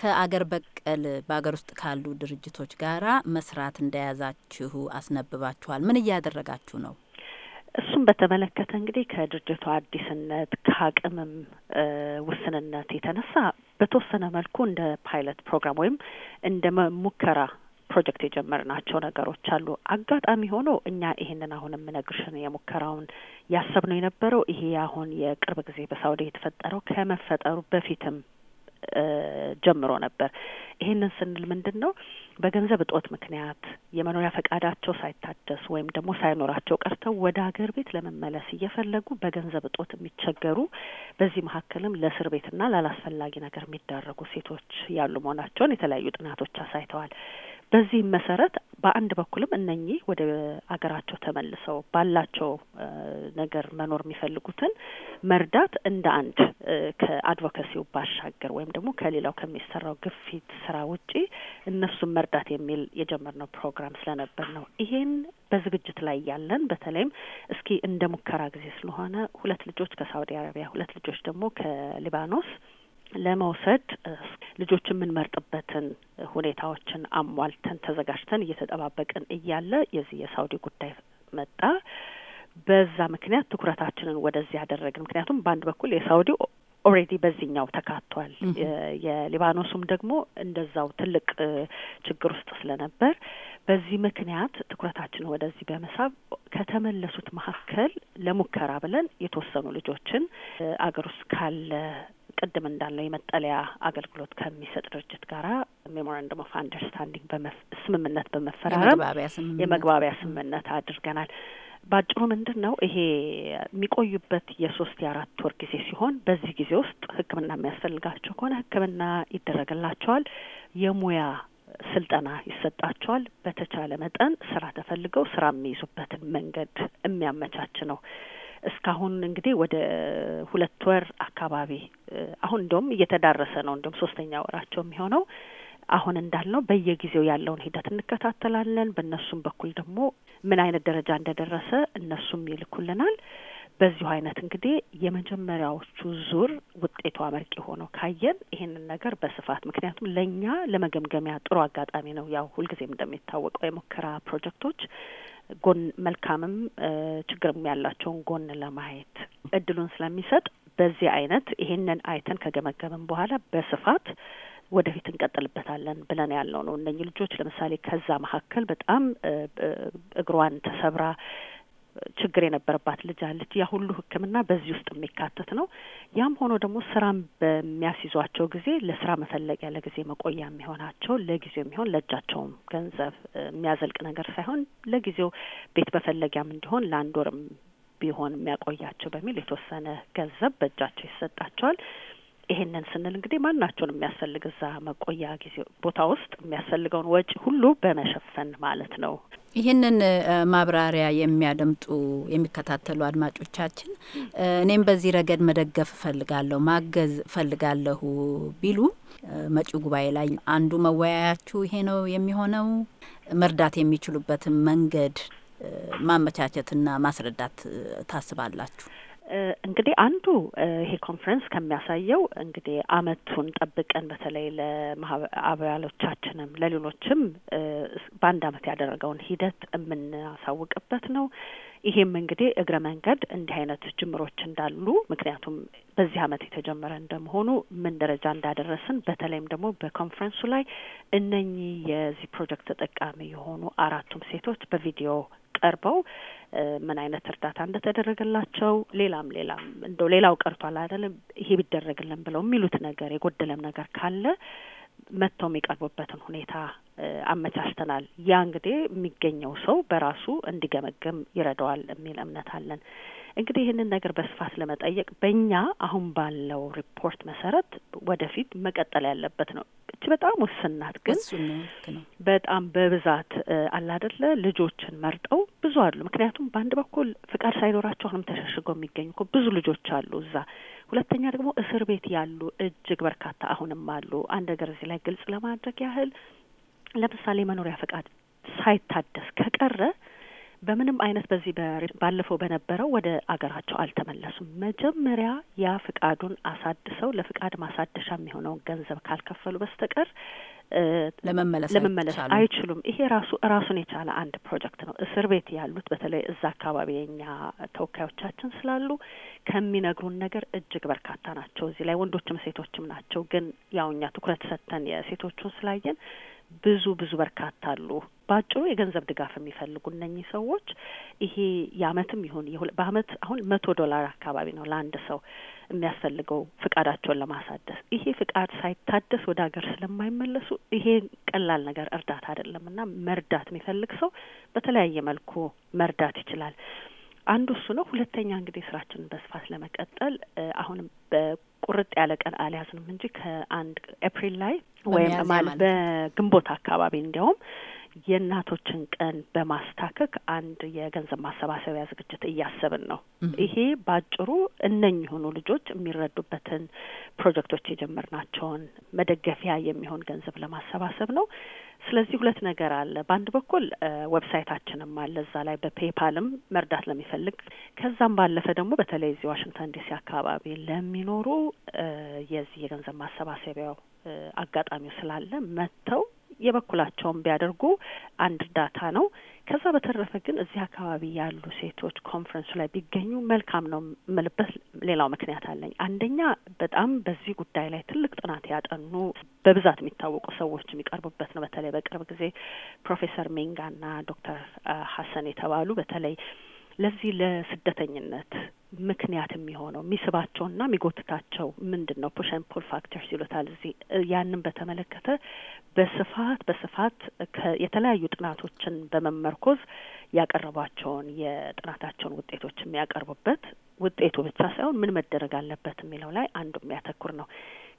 ከአገር በቀል በአገር ውስጥ ካሉ ድርጅቶች ጋራ መስራት እንደያዛችሁ አስነብባችኋል። ምን እያደረጋችሁ ነው? እሱም በተመለከተ እንግዲህ ከድርጅቱ አዲስነት ከአቅምም ውስንነት የተነሳ በተወሰነ መልኩ እንደ ፓይለት ፕሮግራም ወይም እንደ ሙከራ ፕሮጀክት የጀመርናቸው ነገሮች አሉ። አጋጣሚ ሆኖ እኛ ይሄንን አሁን የምነግርሽን የሙከራውን ያሰብነው የነበረው ይሄ አሁን የቅርብ ጊዜ በሳውዲ የተፈጠረው ከመፈጠሩ በፊትም ጀምሮ ነበር። ይሄንን ስንል ምንድን ነው በገንዘብ እጦት ምክንያት የመኖሪያ ፈቃዳቸው ሳይታደሱ ወይም ደግሞ ሳይኖራቸው ቀርተው ወደ ሀገር ቤት ለመመለስ እየፈለጉ በገንዘብ እጦት የሚቸገሩ በዚህ መካከልም ለእስር ቤትና ላላስፈላጊ ነገር የሚዳረጉ ሴቶች ያሉ መሆናቸውን የተለያዩ ጥናቶች አሳይተዋል። በዚህም መሰረት በአንድ በኩልም እነኚህ ወደ አገራቸው ተመልሰው ባላቸው ነገር መኖር የሚፈልጉትን መርዳት እንደ አንድ ከአድቮካሲው ባሻገር ወይም ደግሞ ከሌላው ከሚሰራው ግፊት ስራ ውጪ እነሱን መርዳት የሚል የጀመርነው ፕሮግራም ስለነበር ነው። ይሄን በዝግጅት ላይ ያለን በተለይም እስኪ እንደ ሙከራ ጊዜ ስለሆነ ሁለት ልጆች ከሳውዲ አረቢያ፣ ሁለት ልጆች ደግሞ ከሊባኖስ ለመውሰድ ልጆች የምንመርጥበትን ሁኔታዎችን አሟልተን ተዘጋጅተን እየተጠባበቅን እያለ የዚህ የሳውዲ ጉዳይ መጣ። በዛ ምክንያት ትኩረታችንን ወደዚህ ያደረግን። ምክንያቱም በአንድ በኩል የሳውዲ ኦሬዲ በዚህኛው ተካቷል። የሊባኖሱም ደግሞ እንደዛው ትልቅ ችግር ውስጥ ስለነበር በዚህ ምክንያት ትኩረታችን ወደዚህ በመሳብ ከተመለሱት መካከል ለሙከራ ብለን የተወሰኑ ልጆችን አገር ውስጥ ካለ ቅድም እንዳለው የመጠለያ አገልግሎት ከሚሰጥ ድርጅት ጋር ሜሞራንደም ኦፍ አንደርስታንዲንግ ስምምነት በመፈራረም የመግባቢያ ስምምነት አድርገናል። ባጭሩ ምንድን ነው ይሄ የሚቆዩበት የሶስት የአራት ወር ጊዜ ሲሆን በዚህ ጊዜ ውስጥ ህክምና የሚያስፈልጋቸው ከሆነ ህክምና ይደረግላቸዋል። የሙያ ስልጠና ይሰጣቸዋል። በተቻለ መጠን ስራ ተፈልገው ስራ የሚይዙበትን መንገድ የሚያመቻች ነው። እስካሁን እንግዲህ ወደ ሁለት ወር አካባቢ አሁን እንደውም እየተዳረሰ ነው። እንደውም ሶስተኛ ወራቸው የሚሆነው አሁን እንዳልነው በየጊዜው ያለውን ሂደት እንከታተላለን። በእነሱም በኩል ደግሞ ምን አይነት ደረጃ እንደደረሰ እነሱም ይልኩልናል። በዚሁ አይነት እንግዲህ የመጀመሪያዎቹ ዙር ውጤቱ አመርቂ ሆኖ ካየን ይህንን ነገር በስፋት ምክንያቱም ለእኛ ለመገምገሚያ ጥሩ አጋጣሚ ነው። ያው ሁልጊዜም እንደሚታወቀው የሙከራ ፕሮጀክቶች ጎን መልካምም ችግርም ያላቸውን ጎን ለማየት እድሉን ስለሚሰጥ በዚህ አይነት ይህንን አይተን ከገመገምን በኋላ በስፋት ወደፊት እንቀጥልበታለን ብለን ያለው ነው። እነኚህ ልጆች ለምሳሌ ከዛ መካከል በጣም እግሯን ተሰብራ ችግር የነበረባት ልጅ አለች። ያ ሁሉ ሕክምና በዚህ ውስጥ የሚካተት ነው። ያም ሆኖ ደግሞ ስራም በሚያስይዟቸው ጊዜ ለስራ መፈለጊያ፣ ለጊዜ መቆያ የሚሆናቸው ለጊዜው የሚሆን ለእጃቸውም ገንዘብ የሚያዘልቅ ነገር ሳይሆን ለጊዜው ቤት መፈለጊያም እንዲሆን ለአንድ ወርም ቢሆን የሚያቆያቸው በሚል የተወሰነ ገንዘብ በእጃቸው ይሰጣቸዋል። ይሄንን ስንል እንግዲህ ማናቸውን የሚያስፈልግ እዛ መቆያ ጊዜ ቦታ ውስጥ የሚያስፈልገውን ወጪ ሁሉ በመሸፈን ማለት ነው። ይህንን ማብራሪያ የሚያደምጡ የሚከታተሉ አድማጮቻችን እኔም በዚህ ረገድ መደገፍ እፈልጋለሁ፣ ማገዝ እፈልጋለሁ ቢሉ መጪው ጉባኤ ላይ አንዱ መወያያችሁ ይሄ ነው የሚሆነው፣ መርዳት የሚችሉበትን መንገድ ማመቻቸትና ማስረዳት ታስባላችሁ? እንግዲህ አንዱ ይሄ ኮንፈረንስ ከሚያሳየው እንግዲህ አመቱን ጠብቀን በተለይ ለአባሎቻችንም ለሌሎችም በአንድ አመት ያደረገውን ሂደት የምናሳውቅበት ነው። ይሄም እንግዲህ እግረ መንገድ እንዲህ አይነት ጅምሮች እንዳሉ ምክንያቱም በዚህ አመት የተጀመረ እንደመሆኑ ምን ደረጃ እንዳደረስን በተለይም ደግሞ በኮንፈረንሱ ላይ እነኚህ የዚህ ፕሮጀክት ተጠቃሚ የሆኑ አራቱም ሴቶች በቪዲዮ ቀርበው ምን አይነት እርዳታ እንደተደረገላቸው ሌላም ሌላም እንደው ሌላው ቀርቷል አይደለም ይሄ ቢደረግልን ብለው የሚሉት ነገር የጎደለም ነገር ካለ መጥተው የሚቀርቡበትን ሁኔታ አመቻችተናል። ያ እንግዲህ የሚገኘው ሰው በራሱ እንዲገመግም ይረዳዋል የሚል እምነት አለን። እንግዲህ ይህንን ነገር በስፋት ለመጠየቅ በእኛ አሁን ባለው ሪፖርት መሰረት ወደፊት መቀጠል ያለበት ነው። እች በጣም ውስን ናት፣ ግን በጣም በብዛት አላደለ ልጆችን መርጠው ብዙ አሉ። ምክንያቱም በአንድ በኩል ፍቃድ ሳይኖራቸው አሁንም ተሸሽገው የሚገኙ እኮ ብዙ ልጆች አሉ እዛ። ሁለተኛ ደግሞ እስር ቤት ያሉ እጅግ በርካታ አሁንም አሉ። አንድ ነገር እዚህ ላይ ግልጽ ለማድረግ ያህል ለምሳሌ መኖሪያ ፈቃድ ሳይታደስ ከቀረ በምንም አይነት በዚህ ባለፈው በነበረው ወደ አገራቸው አልተመለሱም። መጀመሪያ ያ ፍቃዱን አሳድሰው ለፍቃድ ማሳደሻ የሚሆነውን ገንዘብ ካልከፈሉ በስተቀር ለመመለስ ለመመለስ አይችሉም። ይሄ ራሱ ራሱን የቻለ አንድ ፕሮጀክት ነው። እስር ቤት ያሉት በተለይ እዛ አካባቢ የኛ ተወካዮቻችን ስላሉ ከሚነግሩን ነገር እጅግ በርካታ ናቸው። እዚህ ላይ ወንዶችም ሴቶችም ናቸው። ግን ያው እኛ ትኩረት ሰጥተን የሴቶቹን ስላየን ብዙ ብዙ በርካታ አሉ በአጭሩ የገንዘብ ድጋፍ የሚፈልጉ እነኚህ ሰዎች ይሄ የአመትም ይሁን በአመት አሁን መቶ ዶላር አካባቢ ነው ለአንድ ሰው የሚያስፈልገው ፍቃዳቸውን ለማሳደስ። ይሄ ፍቃድ ሳይታደስ ወደ ሀገር ስለማይመለሱ ይሄ ቀላል ነገር እርዳታ አይደለም እና መርዳት የሚፈልግ ሰው በተለያየ መልኩ መርዳት ይችላል። አንዱ እሱ ነው። ሁለተኛ እንግዲህ ስራችንን በስፋት ለመቀጠል አሁንም በቁርጥ ያለ ቀን አልያዝንም እንጂ ከአንድ ኤፕሪል ላይ ወይም ማለት በግንቦት አካባቢ እንዲያውም የእናቶችን ቀን በማስታከክ አንድ የገንዘብ ማሰባሰቢያ ዝግጅት እያሰብን ነው። ይሄ በአጭሩ እነኝ የሆኑ ልጆች የሚረዱበትን ፕሮጀክቶች የጀመርናቸውን መደገፊያ የሚሆን ገንዘብ ለማሰባሰብ ነው። ስለዚህ ሁለት ነገር አለ። በአንድ በኩል ዌብሳይታችንም አለ እዛ ላይ በፔፓልም መርዳት ለሚፈልግ ከዛም ባለፈ ደግሞ በተለይ እዚህ ዋሽንግተን ዲሲ አካባቢ ለሚኖሩ የዚህ የገንዘብ ማሰባሰቢያው አጋጣሚው ስላለ መጥተው የበኩላቸውን ቢያደርጉ አንድ እርዳታ ነው። ከዛ በተረፈ ግን እዚህ አካባቢ ያሉ ሴቶች ኮንፈረንሱ ላይ ቢገኙ መልካም ነው የምልበት ሌላው ምክንያት አለኝ። አንደኛ በጣም በዚህ ጉዳይ ላይ ትልቅ ጥናት ያጠኑ በብዛት የሚታወቁ ሰዎች የሚቀርቡበት ነው። በተለይ በቅርብ ጊዜ ፕሮፌሰር ሜንጋና ዶክተር ሀሰን የተባሉ በተለይ ለዚህ ለስደተኝነት ምክንያት የሚሆነው የሚስባቸውና የሚጎትታቸው ምንድን ነው? ፑሽ ኤንድ ፑል ፋክተርስ ይሉታል። እዚህ ያንን በተመለከተ በስፋት በስፋት የተለያዩ ጥናቶችን በመመርኮዝ ያቀረቧቸውን የጥናታቸውን ውጤቶች የሚያቀርቡበት ውጤቱ ብቻ ሳይሆን ምን መደረግ አለበት የሚለው ላይ አንዱ የሚያተኩር ነው።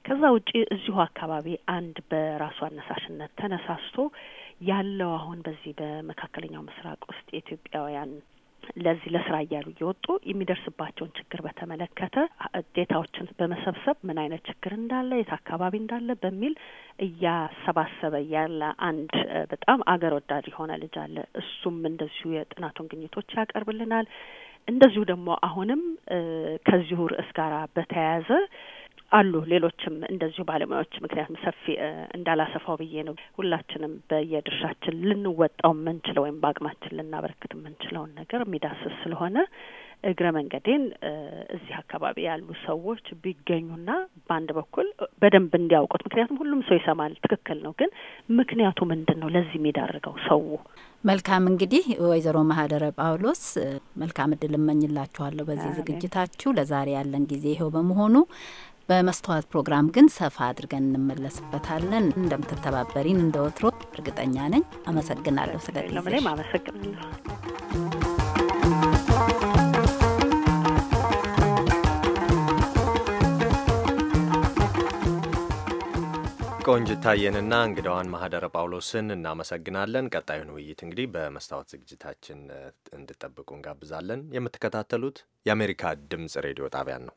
ከዛ ውጪ እዚሁ አካባቢ አንድ በራሱ አነሳሽነት ተነሳስቶ ያለው አሁን በዚህ በመካከለኛው ምስራቅ ውስጥ የኢትዮጵያውያን ለዚህ ለስራ እያሉ እየወጡ የሚደርስባቸውን ችግር በተመለከተ ዴታዎችን በመሰብሰብ ምን አይነት ችግር እንዳለ የት አካባቢ እንዳለ በሚል እያሰባሰበ ያለ አንድ በጣም አገር ወዳድ የሆነ ልጅ አለ። እሱም እንደዚሁ የጥናቱን ግኝቶች ያቀርብልናል። እንደዚሁ ደግሞ አሁንም ከዚሁ ርዕስ ጋር በተያያዘ አሉ ሌሎችም እንደዚሁ ባለሙያዎች። ምክንያቱም ሰፊ እንዳላሰፋው ብዬ ነው። ሁላችንም በየድርሻችን ልንወጣው የምንችለው ወይም በአቅማችን ልናበረክት የምንችለውን ነገር የሚዳስስ ስለሆነ እግረ መንገዴን እዚህ አካባቢ ያሉ ሰዎች ቢገኙና በአንድ በኩል በደንብ እንዲያውቁት፣ ምክንያቱም ሁሉም ሰው ይሰማል፣ ትክክል ነው። ግን ምክንያቱ ምንድን ነው ለዚህ የሚዳርገው ሰው? መልካም እንግዲህ ወይዘሮ ማህደረ ጳውሎስ መልካም እድል እመኝላችኋለሁ በዚህ ዝግጅታችሁ። ለዛሬ ያለን ጊዜ ይኸው በመሆኑ በመስተዋት ፕሮግራም ግን ሰፋ አድርገን እንመለስበታለን። እንደምትተባበሪን እንደ ወትሮ እርግጠኛ ነኝ። አመሰግናለሁ ስለጊዜ ቆንጅታየንና እንግዳዋን ማህደረ ጳውሎስን እናመሰግናለን። ቀጣዩን ውይይት እንግዲህ በመስታወት ዝግጅታችን እንድጠብቁ እንጋብዛለን። የምትከታተሉት የአሜሪካ ድምፅ ሬዲዮ ጣቢያን ነው።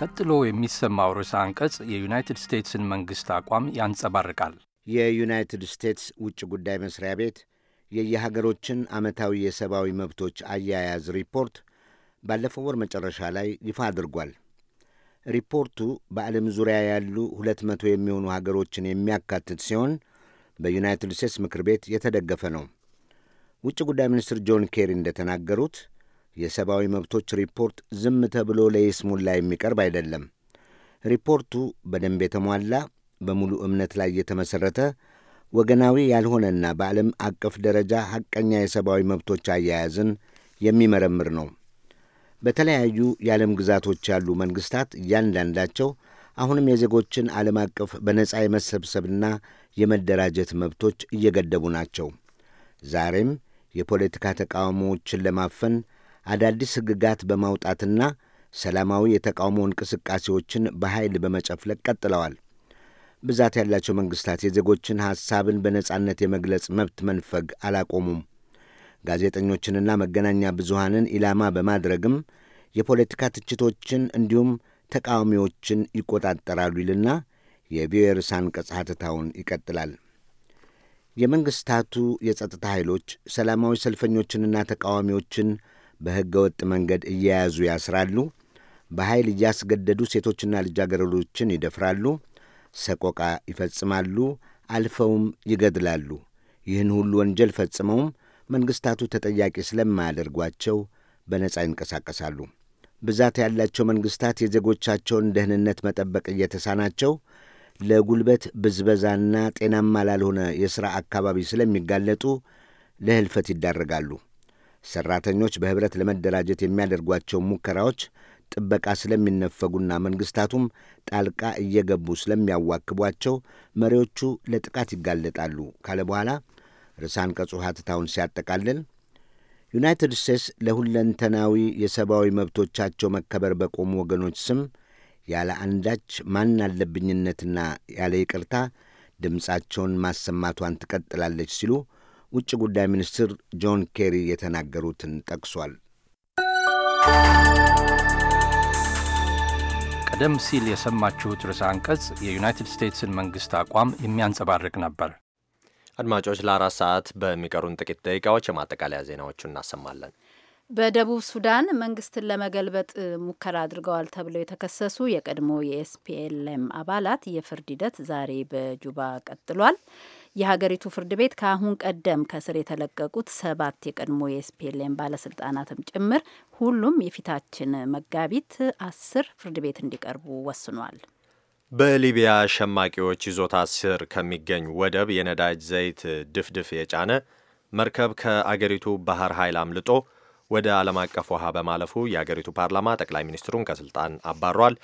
ቀጥሎ የሚሰማው ርዕሰ አንቀጽ የዩናይትድ ስቴትስን መንግሥት አቋም ያንጸባርቃል። የዩናይትድ ስቴትስ ውጭ ጉዳይ መስሪያ ቤት የየሀገሮችን ዓመታዊ የሰብአዊ መብቶች አያያዝ ሪፖርት ባለፈው ወር መጨረሻ ላይ ይፋ አድርጓል። ሪፖርቱ በዓለም ዙሪያ ያሉ ሁለት መቶ የሚሆኑ ሀገሮችን የሚያካትት ሲሆን በዩናይትድ ስቴትስ ምክር ቤት የተደገፈ ነው። ውጭ ጉዳይ ሚኒስትር ጆን ኬሪ እንደተናገሩት የሰብአዊ መብቶች ሪፖርት ዝም ተብሎ ለይስሙላ የሚቀርብ አይደለም። ሪፖርቱ በደንብ የተሟላ በሙሉ እምነት ላይ የተመሠረተ ወገናዊ ያልሆነና በዓለም አቀፍ ደረጃ ሐቀኛ የሰብአዊ መብቶች አያያዝን የሚመረምር ነው። በተለያዩ የዓለም ግዛቶች ያሉ መንግሥታት እያንዳንዳቸው አሁንም የዜጎችን ዓለም አቀፍ በነጻ የመሰብሰብና የመደራጀት መብቶች እየገደቡ ናቸው። ዛሬም የፖለቲካ ተቃውሞዎችን ለማፈን አዳዲስ ሕግጋት በማውጣትና ሰላማዊ የተቃውሞ እንቅስቃሴዎችን በኃይል በመጨፍለቅ ቀጥለዋል። ብዛት ያላቸው መንግሥታት የዜጎችን ሐሳብን በነጻነት የመግለጽ መብት መንፈግ አላቆሙም። ጋዜጠኞችንና መገናኛ ብዙሃንን ኢላማ በማድረግም የፖለቲካ ትችቶችን እንዲሁም ተቃዋሚዎችን ይቆጣጠራሉ ይልና የቪዮኤ ርዕሰ አንቀጽ ሐተታውን ይቀጥላል። የመንግሥታቱ የጸጥታ ኃይሎች ሰላማዊ ሰልፈኞችንና ተቃዋሚዎችን በሕገ ወጥ መንገድ እየያዙ ያስራሉ፣ በኃይል እያስገደዱ ሴቶችና ልጃገረዶችን ይደፍራሉ፣ ሰቆቃ ይፈጽማሉ፣ አልፈውም ይገድላሉ። ይህን ሁሉ ወንጀል ፈጽመውም መንግሥታቱ ተጠያቂ ስለማያደርጓቸው በነጻ ይንቀሳቀሳሉ። ብዛት ያላቸው መንግሥታት የዜጎቻቸውን ደህንነት መጠበቅ እየተሳናቸው ለጉልበት ብዝበዛና ጤናማ ላልሆነ የሥራ አካባቢ ስለሚጋለጡ ለህልፈት ይዳረጋሉ። ሠራተኞች በኅብረት ለመደራጀት የሚያደርጓቸው ሙከራዎች ጥበቃ ስለሚነፈጉና መንግሥታቱም ጣልቃ እየገቡ ስለሚያዋክቧቸው መሪዎቹ ለጥቃት ይጋለጣሉ ካለ በኋላ ርዕሰ አንቀጹ ሐተታውን ሲያጠቃልል ዩናይትድ ስቴትስ ለሁለንተናዊ የሰብአዊ መብቶቻቸው መከበር በቆሙ ወገኖች ስም ያለ አንዳች ማን አለብኝነትና ያለ ይቅርታ ድምፃቸውን ማሰማቷን ትቀጥላለች ሲሉ ውጭ ጉዳይ ሚኒስትር ጆን ኬሪ የተናገሩትን ጠቅሷል። ቀደም ሲል የሰማችሁት ርዕሰ አንቀጽ የዩናይትድ ስቴትስን መንግሥት አቋም የሚያንጸባርቅ ነበር። አድማጮች፣ ለአራት ሰዓት በሚቀሩን ጥቂት ደቂቃዎች የማጠቃለያ ዜናዎቹ እናሰማለን። በደቡብ ሱዳን መንግስትን ለመገልበጥ ሙከራ አድርገዋል ተብለው የተከሰሱ የቀድሞ የኤስፒኤልኤም አባላት የፍርድ ሂደት ዛሬ በጁባ ቀጥሏል። የሀገሪቱ ፍርድ ቤት ከአሁን ቀደም ከስር የተለቀቁት ሰባት የቀድሞ የኤስፒኤልኤም ባለስልጣናትም ጭምር ሁሉም የፊታችን መጋቢት አስር ፍርድ ቤት እንዲቀርቡ ወስኗል። በሊቢያ ሸማቂዎች ይዞታ ስር ከሚገኝ ወደብ የነዳጅ ዘይት ድፍድፍ የጫነ መርከብ ከአገሪቱ ባህር ኃይል አምልጦ ወደ ዓለም አቀፍ ውሃ በማለፉ የአገሪቱ ፓርላማ ጠቅላይ ሚኒስትሩን ከስልጣን አባሯል።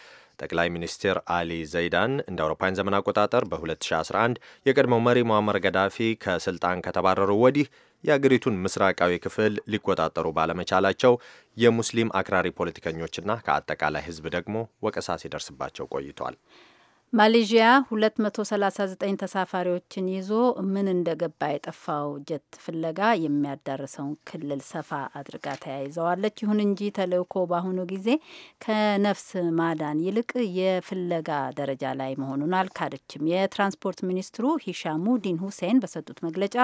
ጠቅላይ ሚኒስትር አሊ ዘይዳን እንደ አውሮፓውያን ዘመን አቆጣጠር በ2011 የቀድሞው መሪ ሙአመር ገዳፊ ከስልጣን ከተባረሩ ወዲህ የአገሪቱን ምስራቃዊ ክፍል ሊቆጣጠሩ ባለመቻላቸው የሙስሊም አክራሪ ፖለቲከኞችና ከአጠቃላይ ሕዝብ ደግሞ ወቀሳ ሲደርስባቸው ቆይቷል። ማሌዥያ 239 ተሳፋሪዎችን ይዞ ምን እንደገባ የጠፋው ጀት ፍለጋ የሚያዳርሰውን ክልል ሰፋ አድርጋ ተያይዘዋለች። ይሁን እንጂ ተልእኮ በአሁኑ ጊዜ ከነፍስ ማዳን ይልቅ የፍለጋ ደረጃ ላይ መሆኑን አልካደችም። የትራንስፖርት ሚኒስትሩ ዲን ሁሴን በሰጡት መግለጫ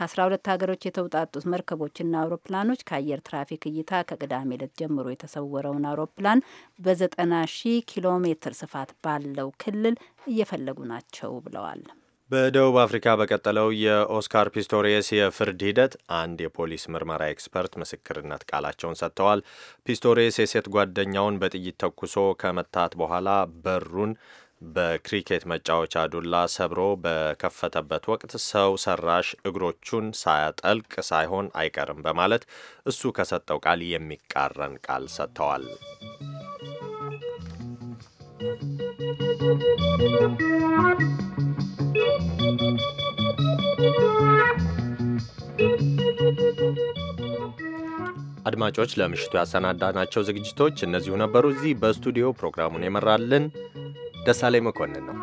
ከ12 ሀገሮች የተውጣጡት መርከቦችና አውሮፕላኖች ከአየር ትራፊክ እይታ ከቅዳሜ ዕለት ጀምሮ የተሰወረውን አውሮፕላን በ90 ሺህ ኪሎ ሜትር ስፋት ባለው ክልል ክልል እየፈለጉ ናቸው ብለዋል። በደቡብ አፍሪካ በቀጠለው የኦስካር ፒስቶሪየስ የፍርድ ሂደት አንድ የፖሊስ ምርመራ ኤክስፐርት ምስክርነት ቃላቸውን ሰጥተዋል። ፒስቶሪየስ የሴት ጓደኛውን በጥይት ተኩሶ ከመታት በኋላ በሩን በክሪኬት መጫወቻ ዱላ ሰብሮ በከፈተበት ወቅት ሰው ሰራሽ እግሮቹን ሳያጠልቅ ሳይሆን አይቀርም በማለት እሱ ከሰጠው ቃል የሚቃረን ቃል ሰጥተዋል። አድማጮች ለምሽቱ ያሰናዳናቸው ዝግጅቶች እነዚሁ ነበሩ። እዚህ በስቱዲዮ ፕሮግራሙን የመራልን ደሳላይ መኮንን ነው።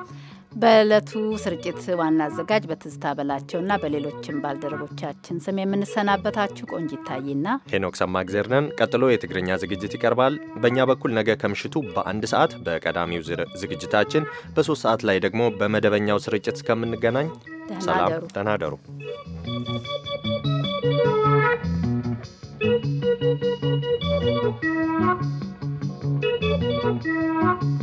በዕለቱ ስርጭት ዋና አዘጋጅ በትዝታ በላቸውና በሌሎችም ባልደረቦቻችን ስም የምንሰናበታችሁ ቆንጅ ይታይና ሄኖክ ሰማእግዜር ነን። ቀጥሎ የትግርኛ ዝግጅት ይቀርባል። በእኛ በኩል ነገ ከምሽቱ በአንድ ሰዓት በቀዳሚው ዝግጅታችን፣ በሶስት ሰዓት ላይ ደግሞ በመደበኛው ስርጭት እስከምንገናኝ ሰላም፣ ደህና ደሩ። Thank you.